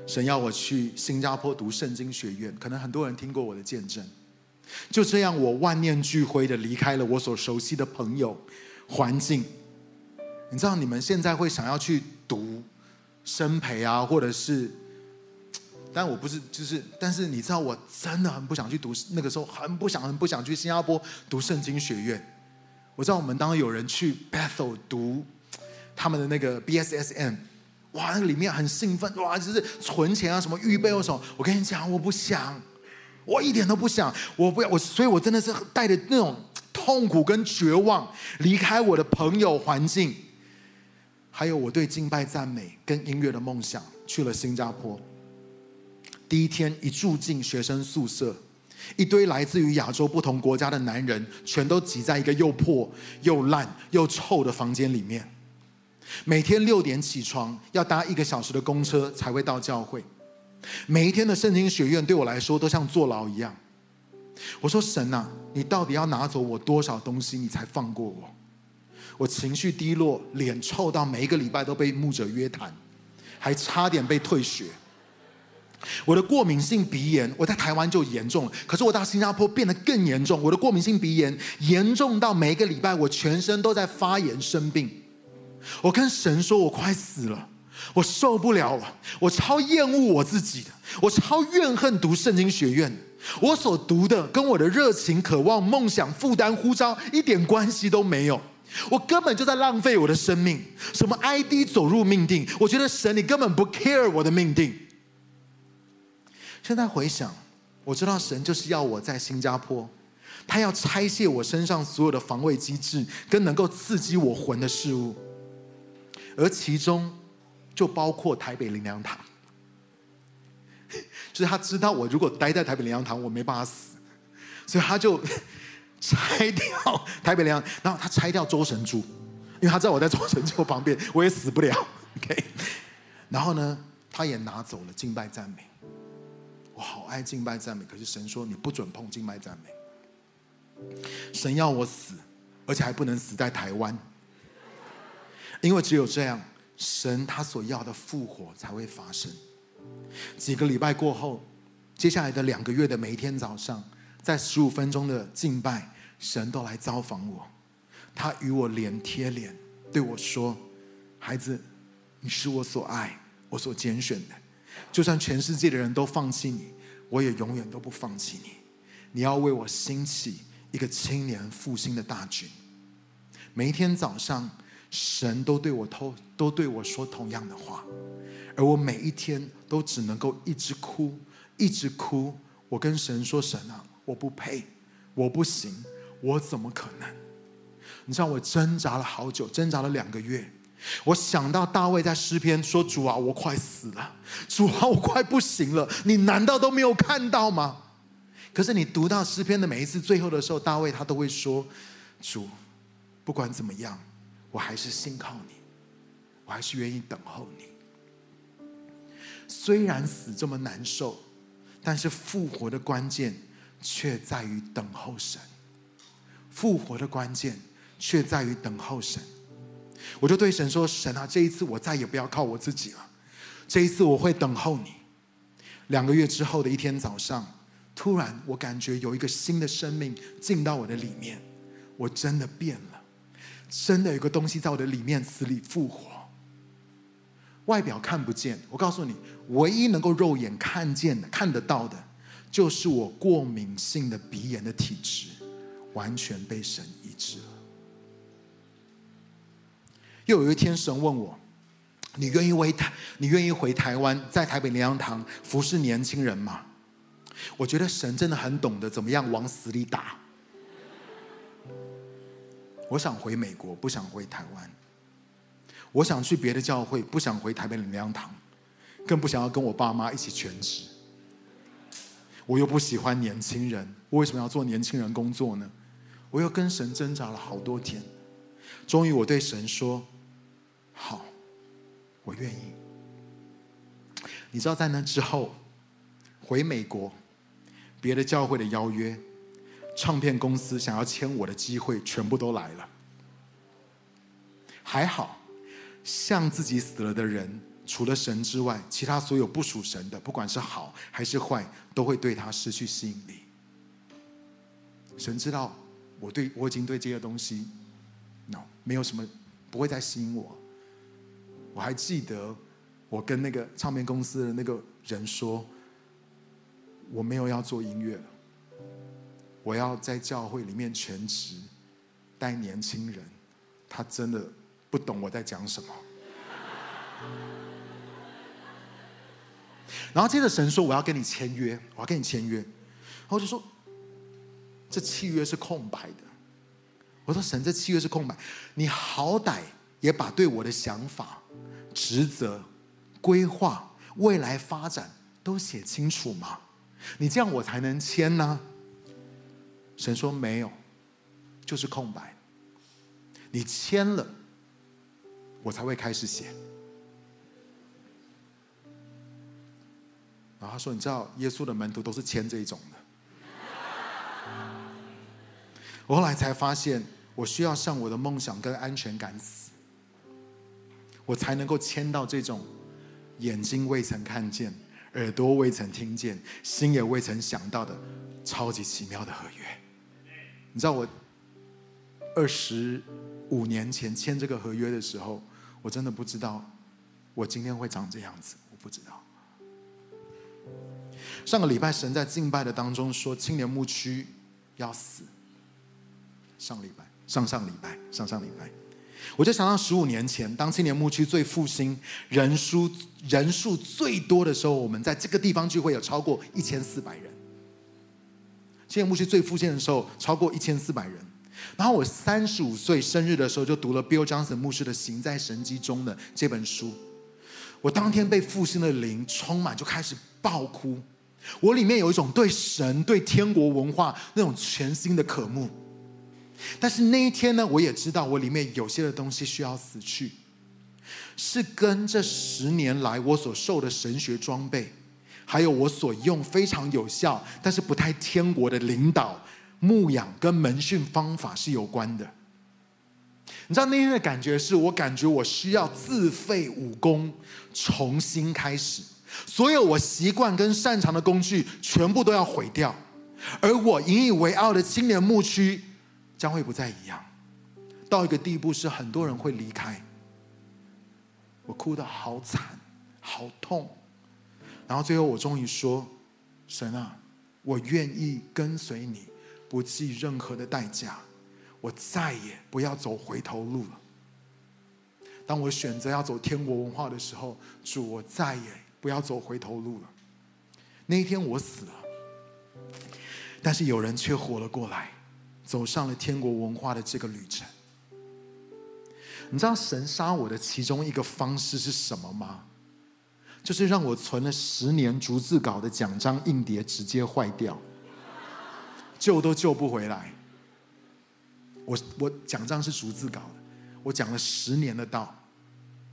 神要我去新加坡讀聖經學院。可能很多人聽過我的見證。就這樣，我萬念俱灰的離開了我所熟悉的朋友、環境。你知道，你們現在會想要去讀生培啊，或者是。但我不是，就是，但是你知道，我真的很不想去讀。那個時候，很不想，很不想去新加坡讀聖經學院。我知道我們當時有人去 Bethel 讀他們的那個 BSSM，哇，那個裡面很興奮，哇，就是存錢啊，什麼預備哦什麼。我跟你講，我不想，我一點都不想，我不要我，所以我真的是帶着那種痛苦跟絕望，離開我的朋友環境，還有我對敬拜讚美跟音樂的夢想，去了新加坡。第一天一住進學生宿舍，一堆來自於亞洲不同國家的男人全都擠在一個又破又爛又臭的房間裡面。每天六點起床，要搭一個小時的公車才會到教會。每一天的聖經學院對我來說都像坐牢一樣。我說：“神啊，你到底要拿走我多少東西，你才放過我？”我情緒低落，臉臭到每一個禮拜都被牧者約談，還差點被退學。我的過敏性鼻炎，我在台灣就嚴重了，可是我到新加坡變得更嚴重。我的過敏性鼻炎嚴重到每一個禮拜，我全身都在發炎生病。我跟神說，我快死了，我受不了了，我超厭惡我自己的，我超怨恨讀聖經學院，我所讀的跟我的熱情、渴望、夢想、負擔、呼召一點關係都沒有，我根本就在浪費我的生命。什麼 ID 走入命定，我覺得神你根本不 care 我的命定。現在回想，我知道神就是要我在新加坡，他要拆卸我身上所有的防衛機制，跟能夠刺激我魂的事物，而其中就包括台北靈糧堂。就是他知道我如果待在台北靈糧堂，我沒辦法死，所以他就拆掉台北靈糧，然後他拆掉周神助，因為他知道我在周神助旁邊，我也死不了。OK，然後呢，他也拿走了敬拜讚美。我好愛敬拜讚美，可是神說，你不准碰敬拜讚美。神要我死，而且還不能死在台灣，因為只有這樣，神他所要的復活才會發生。幾個禮拜過後，接下來的兩個月的每一天早上，在十五分鐘的敬拜，神都來造訪我，他與我臉貼臉對我說：“孩子，你是我所愛，我所揀選的。”就算全世界的人都放棄你，我也永遠都不放棄你。你要為我興起一個青年復興的大軍。每一天早上，神都對我偷，都對我說同樣的話，而我每一天都只能夠一直哭，一直哭。我跟神說：“神啊，我不配，我不行，我怎麼可能？”你知道，我掙扎了好久，掙扎了兩個月。我想到大衛在詩篇說：“主啊，我快死了，主啊，我快不行了，你難道都沒有看到嗎？”可是你讀到詩篇的每一次最後的時候，大衛他都會說：“主，不管怎麼樣，我還是信靠你，我還是願意等候你。”雖然死這麼難受，但是復活的關鍵卻在於等候神。復活的關鍵卻在於等候神。我就對神說：“神啊，這一次我再也不要靠我自己了，這一次我會等候你。”兩個月之後的一天早上，突然我感覺有一個新的生命進到我的裡面，我真的變了，真的有個東西在我的裡面死裡復活。外表看不見，我告訴你，唯一能夠肉眼看見的、看得到的，就是我過敏性的鼻炎的體質完全被神醫治了。又有一天，神問我：“你願意為台，你願意回台灣，在台北靈糧堂服侍年輕人嗎？”我覺得神真的很懂得怎麼樣往死裡打。我想回美國，不想回台灣；我想去別的教會，不想回台北靈糧堂，更不想要跟我爸媽一起全職。我又不喜歡年輕人，我為什麼要做年輕人工作呢？我又跟神掙扎了好多天，終於我對神說，好，我願意。你知道，在那之後，回美國，別的教會的邀約，唱片公司想要簽我的機會，全部都來了。還好，向自己死了的人，除了神之外，其他所有不屬神的，不管是好還是壞，都會對他失去吸引力。神知道我對我已經對這些東西，no，沒有什麼不會再吸引我。我還記得，我跟那個唱片公司的那個人說，我沒有要做音樂了，我要在教會裡面全職帶年輕人。他真的不懂我在講什麼。然後接着神說，我要跟你簽約，我要跟你簽約。然後我就說，這契約是空白的。我說神，這契約是空白，你好歹也把對我的想法。職責、規劃、未來發展都寫清楚嗎？你這樣我才能簽呢、啊。神說沒有，就是空白。你簽了，我才會開始寫。然後他說，你知道耶穌的門徒都是簽這一種的。我後來才發現，我需要向我的夢想跟安全感死。我才能夠簽到這種眼睛，未曾看見、耳朵未曾聽見、心也未曾想到的超級奇妙的合約。你知道我二十五年前簽這個合約的時候，我真的不知道我今天會長這樣子。我不知道。上個禮拜神在敬拜的當中說，青年牧區要死。上禮拜，上上禮拜，上上禮拜。我就想到十五年前，當青年牧區最復興、人數人數最多的時候，我們在這個地方聚會有超過一千四百人。青年牧區最復興的時候，超過一千四百人。然後我三十五歲生日的時候，就讀了 Bill Johnson 牧師的《行在神蹟中》的這本書，我當天被復興的靈充滿，就開始爆哭。我裡面有一種對神、對天國文化那種全新的渴慕。但是那一天呢，我也知道我裡面有些的東西需要死去，是跟這十年來我所受的神學裝備，還有我所用非常有效但是不太天國的領導牧養跟門訓方法是有關的。你知道那天的感覺是，我感覺我需要自廢武功，重新開始，所有我習慣跟擅長的工具全部都要毀掉，而我引以為傲的青年牧區。將會不再一樣，到一個地步是很多人會離開。我哭得好慘，好痛，然後最後我終於說：“神啊，我願意跟隨你，不計任何的代價，我再也不要走回頭路了。當我選擇要走天國文化的時候，主，我再也不要走回頭路了。那一天我死了，但是有人卻活了過來。”走上了天國文化的這個旅程，你知道神殺我的其中一個方式是什麼嗎？就是讓我存了十年逐字稿的獎章、硬碟直接壞掉，救都救不回來。我我獎章是逐字稿的，我講了十年的道，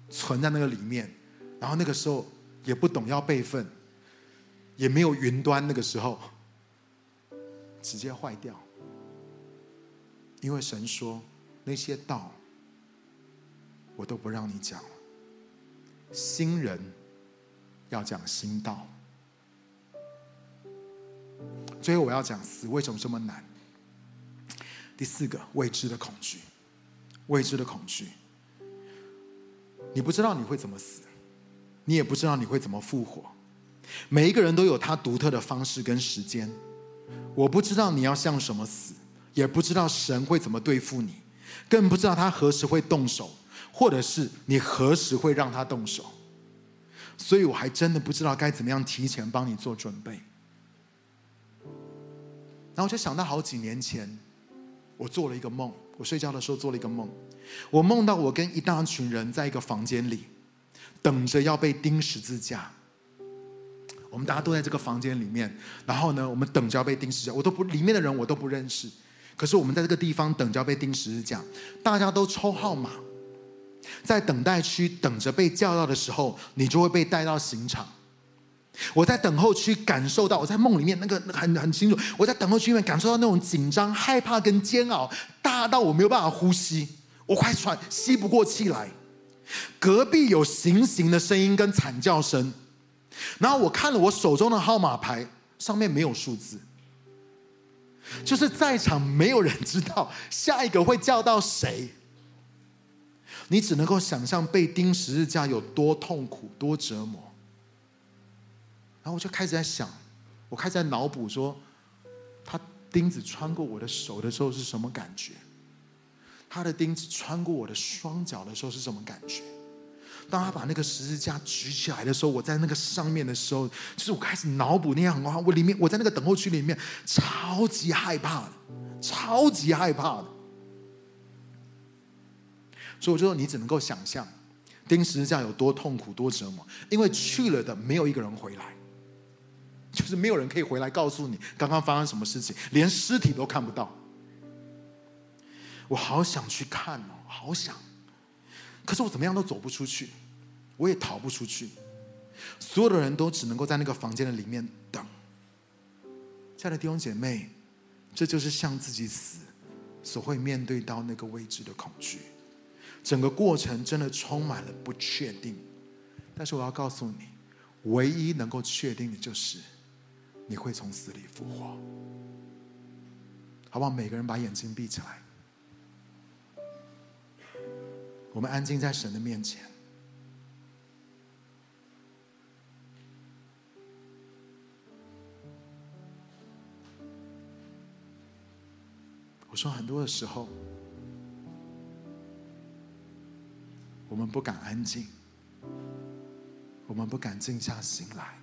存在那個裡面，然後那個時候也不懂要備份，也沒有雲端，那個時候直接壞掉。因為神說，那些道我都不讓你講了，新人要講新道，所以我要講死為什麼這麼難。第四個未知的恐懼，未知的恐懼，你不知道你會怎麼死，你也不知道你會怎麼復活。每一個人都有他獨特的方式跟時間，我不知道你要向什麼死，也不知道神會怎麼對付你，更不知道他何時會動手，或者是你何時會讓他動手。所以我還真的不知道該怎麼樣提前幫你做準備。然後我就想到好幾年前，我做了一個夢，我睡覺的時候做了一個夢，我夢到我跟一大群人在一個房間裡，等着要被釘十字架。我們大家都在這個房間裡面，然後呢，我們等着要被釘十字架，我都不裡面的人我都不認識。可是我們在這個地方等着要被釘十字架，大家都抽號碼，在等待區等着被叫到的時候，你就會被帶到刑場。我在等候區感受到，我在夢裡面那個很很清楚，我在等候區裡面感受到那種緊張、害怕跟煎熬，大到我沒有辦法呼吸，我快喘吸不過氣來。隔壁有行刑的聲音跟慘叫聲，然後我看了我手中的號碼牌，上面沒有數字。就是在場沒有人知道下一個會叫到誰，你只能夠想象被釘十字架有多痛苦、多折磨。然後我就開始在想，我開始在腦補說，他釘子穿過我的手的時候是什麼感覺？他的釘子穿過我的雙腳的時候是什麼感覺？當他把那個十字架舉起來的時候，我在那個上面的時候，就是我開始腦補那樣的話，我裡面我在那個等候區裡面超級害怕的，超級害怕的。所以我就說，你只能夠想象釘十字架有多痛苦、多折磨，因為去了的沒有一個人回來，就是沒有人可以回來告訴你剛剛發生什麼事情，連屍體都看不到。我好想去看哦，好想。可是我怎麼樣都走不出去，我也逃不出去，所有的人都只能夠在那個房間的裡面等。親愛的弟兄姐妹，這就是向自己死所會面對到那個未知的恐懼，整個過程真的充滿了不確定。但是我要告訴你，唯一能夠確定的就是你會從死裡復活，好不好？每個人把眼睛閉起來。我們安靜在神的面前。我說，很多的時候，我們不敢安靜，我們不敢靜下心來，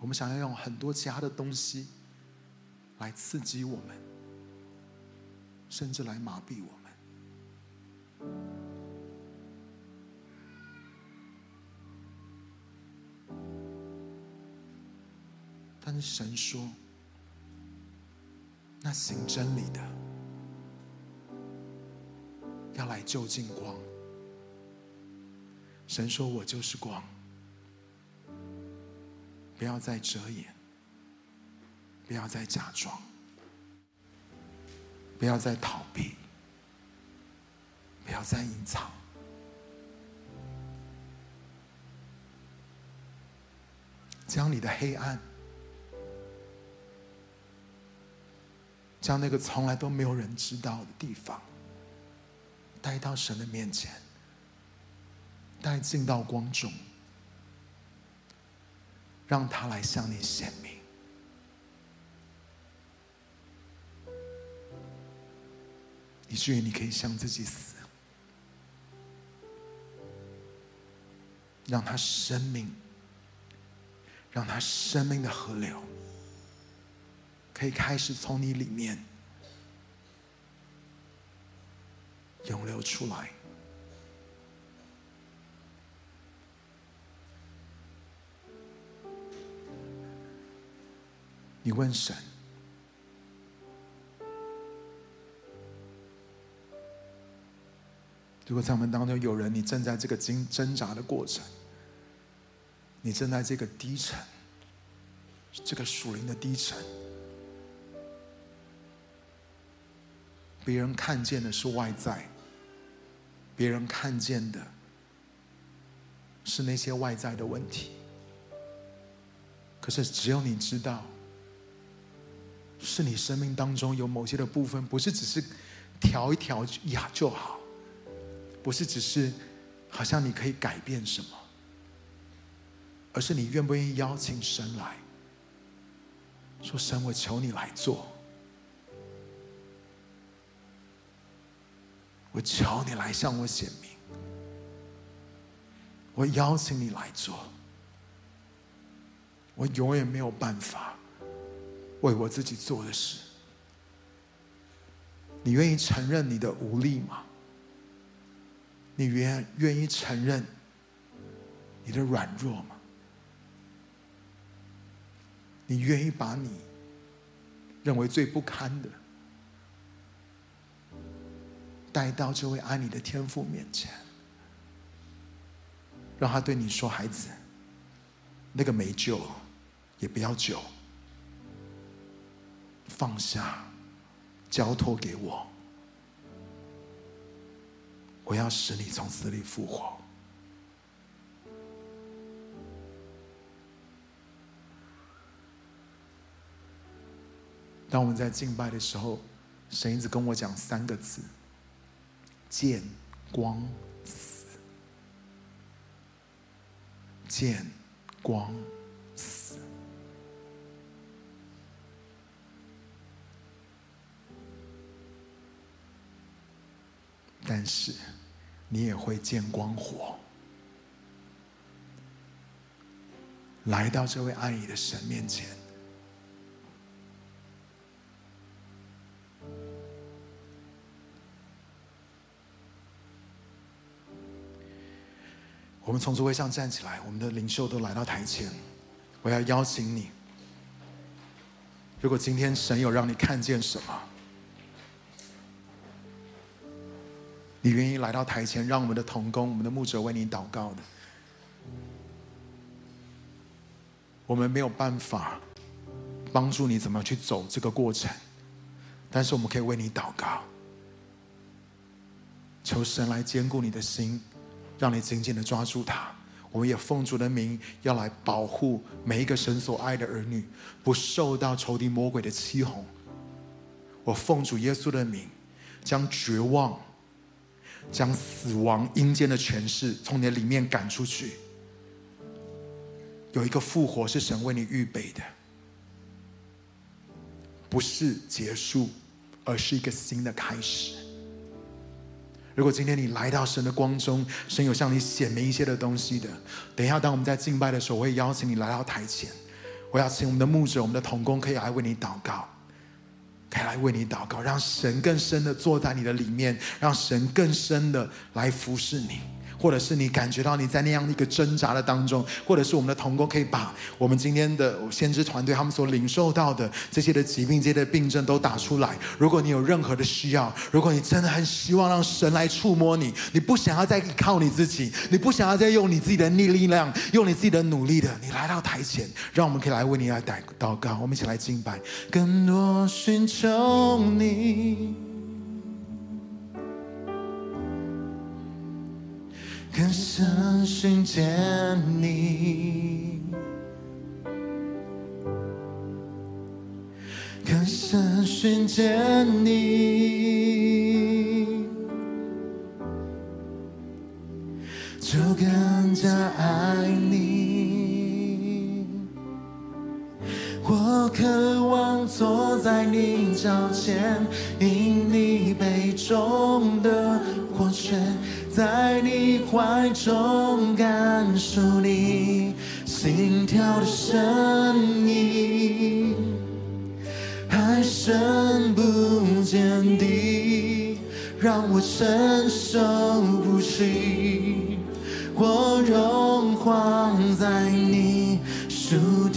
我們想要用很多其他的東西來刺激我們。甚至來麻痹我們。但是神說：“那行真理的，要來就近光。”神說：“我就是光，不要再遮掩，不要再假裝。”不要再逃避，不要再隱藏，將你的黑暗，將那個從來都沒有人知道的地方，帶到神的面前，帶進到光中，讓他來向你顯明。以至於你可以向自己死，讓他生命，讓他生命的河流，可以開始從你裡面湧流出來。你問神。如果在我們當中有人，你正在這個掙掙扎的過程，你正在這個低沉，這個屬靈的低沉，別人看見的是外在，別人看見的是那些外在的問題，可是只有你知道，是你生命當中有某些的部分，不是只是調一調呀，就好。不是只是，好像你可以改變什麼，而是你願不願意邀請神來說：“神，我求你來做，我求你來向我顯明，我邀請你來做，我永遠沒有辦法為我自己做的事。你願意承認你的無力嗎？”你願願意承認你的軟弱嗎？你願意把你認為最不堪的帶到這位愛你的天父面前，讓他對你說：“孩子，那個沒救，也不要救，放下，交托給我。”我要使你從死裡復活。當我們在敬拜的時候，神一直跟我講三個字：見光死。見光死。但是。你也會見光火，來到這位愛你的神面前。我們從座位上站起來，我們的領袖都來到台前。我要邀請你，如果今天神有讓你看見什麼，你願意來到台前，讓我們的同工、我們的牧者，為你禱告的。我們沒有辦法幫助你怎麼樣去走這個過程，但是我們可以為你禱告，求神來堅固你的心，讓你緊緊的抓住他。我們也奉主的名，要來保護每一個神所愛的兒女，不受到仇敵魔鬼的欺哄。我奉主耶穌的名，將絕望，將死亡、陰間的詮釋從你的裡面趕出去。有一個復活是神為你預備的，不是結束，而是一個新的開始。如果今天你來到神的光中，神有向你顯明一些的東西的。等一下，當我們在敬拜的時候，會邀請你來到台前。我要請我們的牧者、我們的童工，可以來為你禱告。他來為你禱告，讓神更深的坐在你的裡面，讓神更深的來服侍你。或者是你感覺到你在那樣的一個掙扎的當中，或者是我們的同工可以把我們今天的先知團隊他們所領受到的這些的疾病，這些的病症都打出來。如果你有任何的需要，如果你真的很希望讓神來觸摸你，你不想要再依靠你自己，你不想要再用你自己的逆力量，用你自己的努力的，你來到台前，讓我們可以來為你來禱告，我們一起來敬拜，更多尋求你。更想尋見你，更想尋見你，就更加愛你。我渴望坐在你腳前，飲你杯中的活泉。在你懷中，感受你心跳的聲音，海深不見底，讓我承受不起，我融化在你手裡。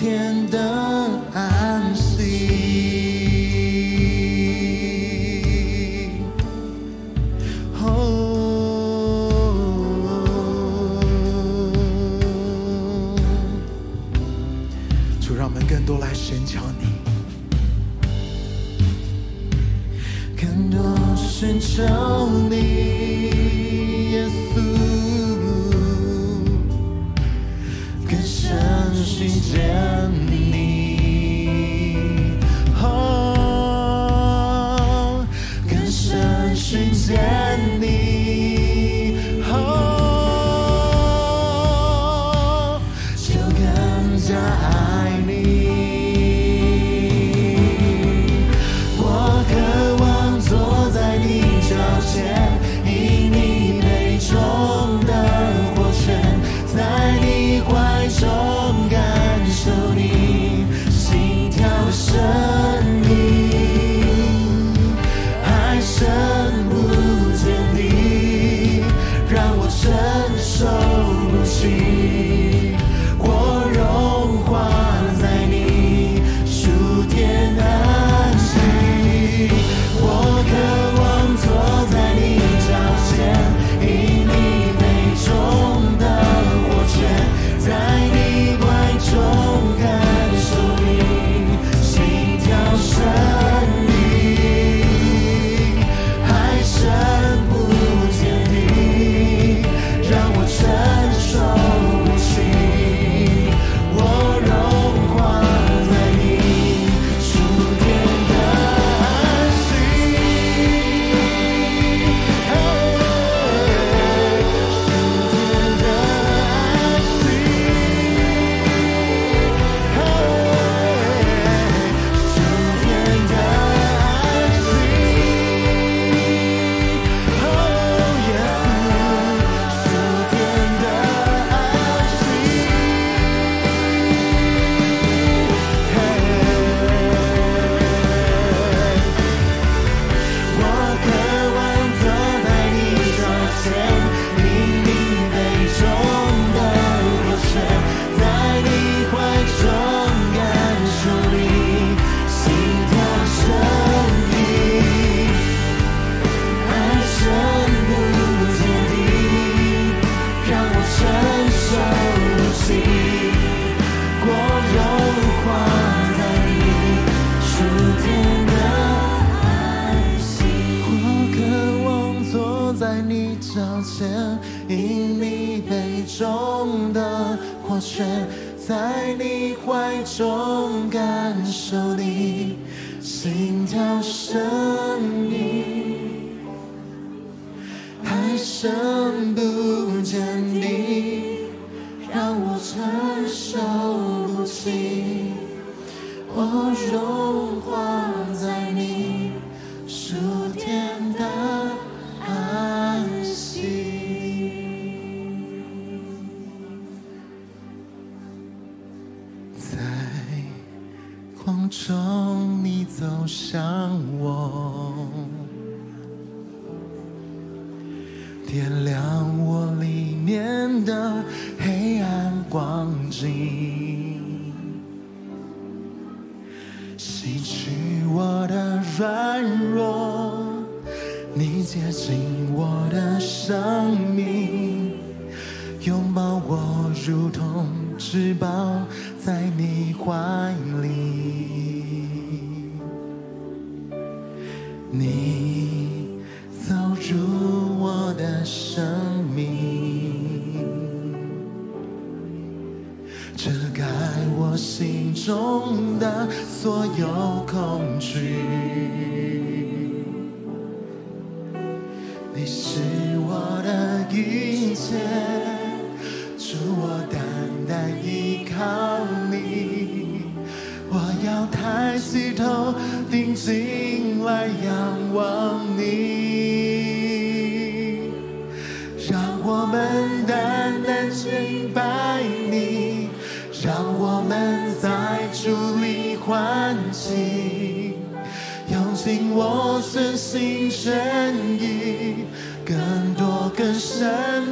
我心中的所有恐懼，你是我的一切。更真，意更多，更深。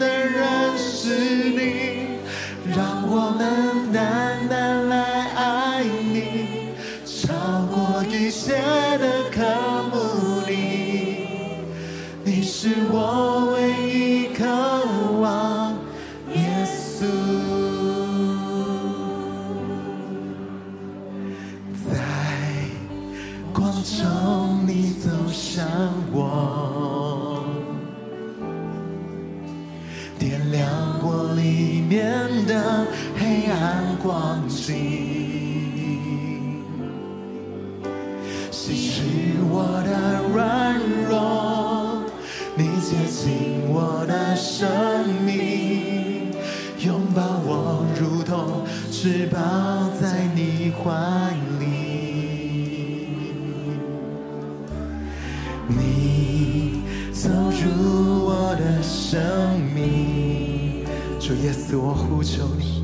多呼求你，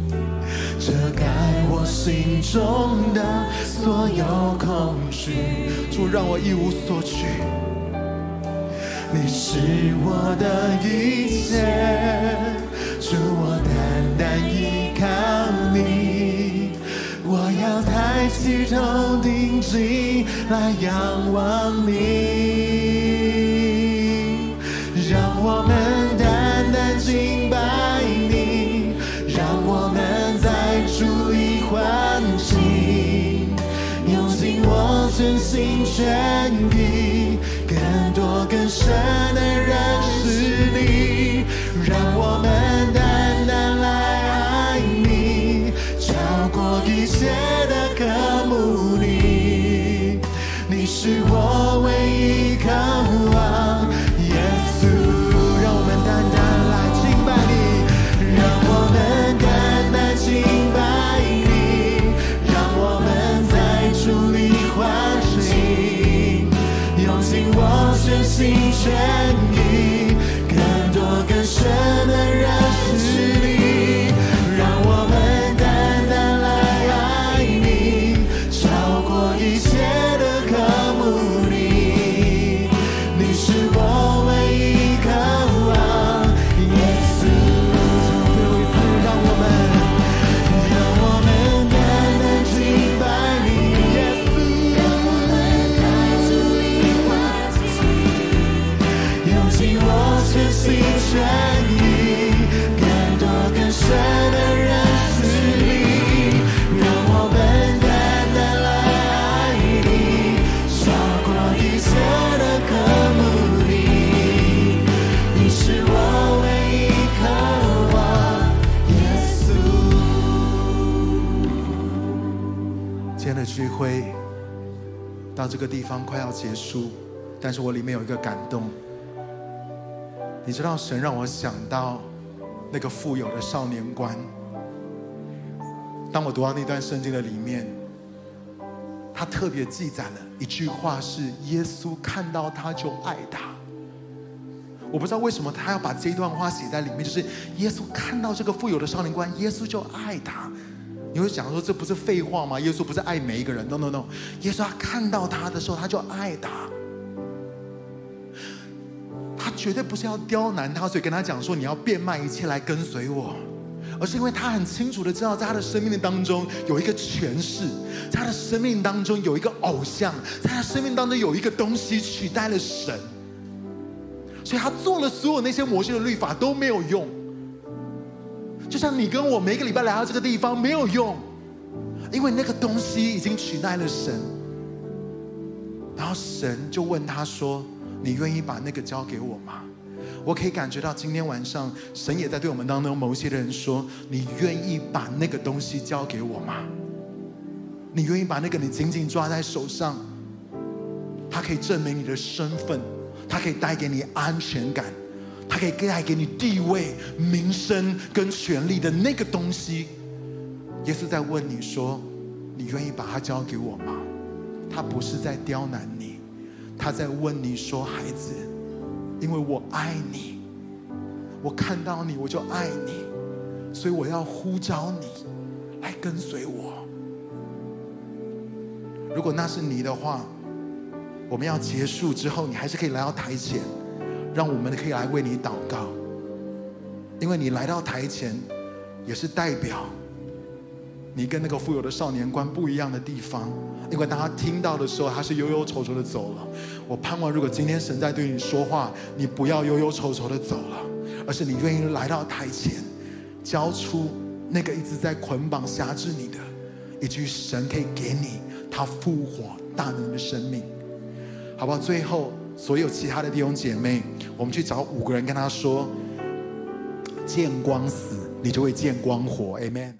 遮蓋我心中的所有恐懼，就讓我一無所懼。你是我的一切，就我單單依靠你，我要抬起頭挺起來仰望你，讓我們。傳遞更多更深的。到這個地方快要結束，但是我裡面有一個感動。你知道神讓我想到那個富有的少年官。當我讀到那段聖經的裡面，他特別記載了一句話是耶穌看到他就愛他。我不知道為什麼他要把這一段話寫在裡面，就是耶穌看到這個富有的少年官，耶穌就愛他。你會想說，這不是廢話嗎？耶穌不是愛每一個人？no no no，耶穌他看到他的時候，他就愛他，他絕對不是要刁難他，所以跟他講說你要變賣一切來跟隨我，而是因為他很清楚的知道，在他的生命當中有一個權勢，在他的生命當中有一個偶像，在他生命當中有一個東西取代了神，所以他做了所有那些摩西的律法都沒有用。就像你跟我每個禮拜來到這個地方沒有用，因為那個東西已經取代了神。然後神就問他說：“你願意把那個交給我嗎？”我可以感覺到今天晚上神也在對我們當中某些的人說：“你願意把那個東西交給我嗎？你願意把那個你緊緊抓在手上，它可以證明你的身份，它可以帶給你安全感。”他可以帶給你地位、名聲跟權力的那個東西，耶穌在問你說：“你願意把它交給我嗎？”他不是在刁難你，他在問你說：“孩子，因為我愛你，我看到你我就愛你，所以我要呼召你來跟隨我。如果那是你的話，我們要結束之後，你還是可以來到台前。”讓我們可以來為你禱告，因為你來到台前，也是代表你跟那個富有的少年官不一樣的地方。因為當他聽到的時候，他是憂憂愁愁的走了。我盼望，如果今天神在對你說話，你不要憂憂愁愁的走了，而是你願意來到台前，交出那個一直在捆綁轄制你的，以及神可以給你他復活大能的生命。好不好？最後。所有其他的弟兄姐妹，我們去找五個人跟他說：“見光死，你就會見光活。”Amen。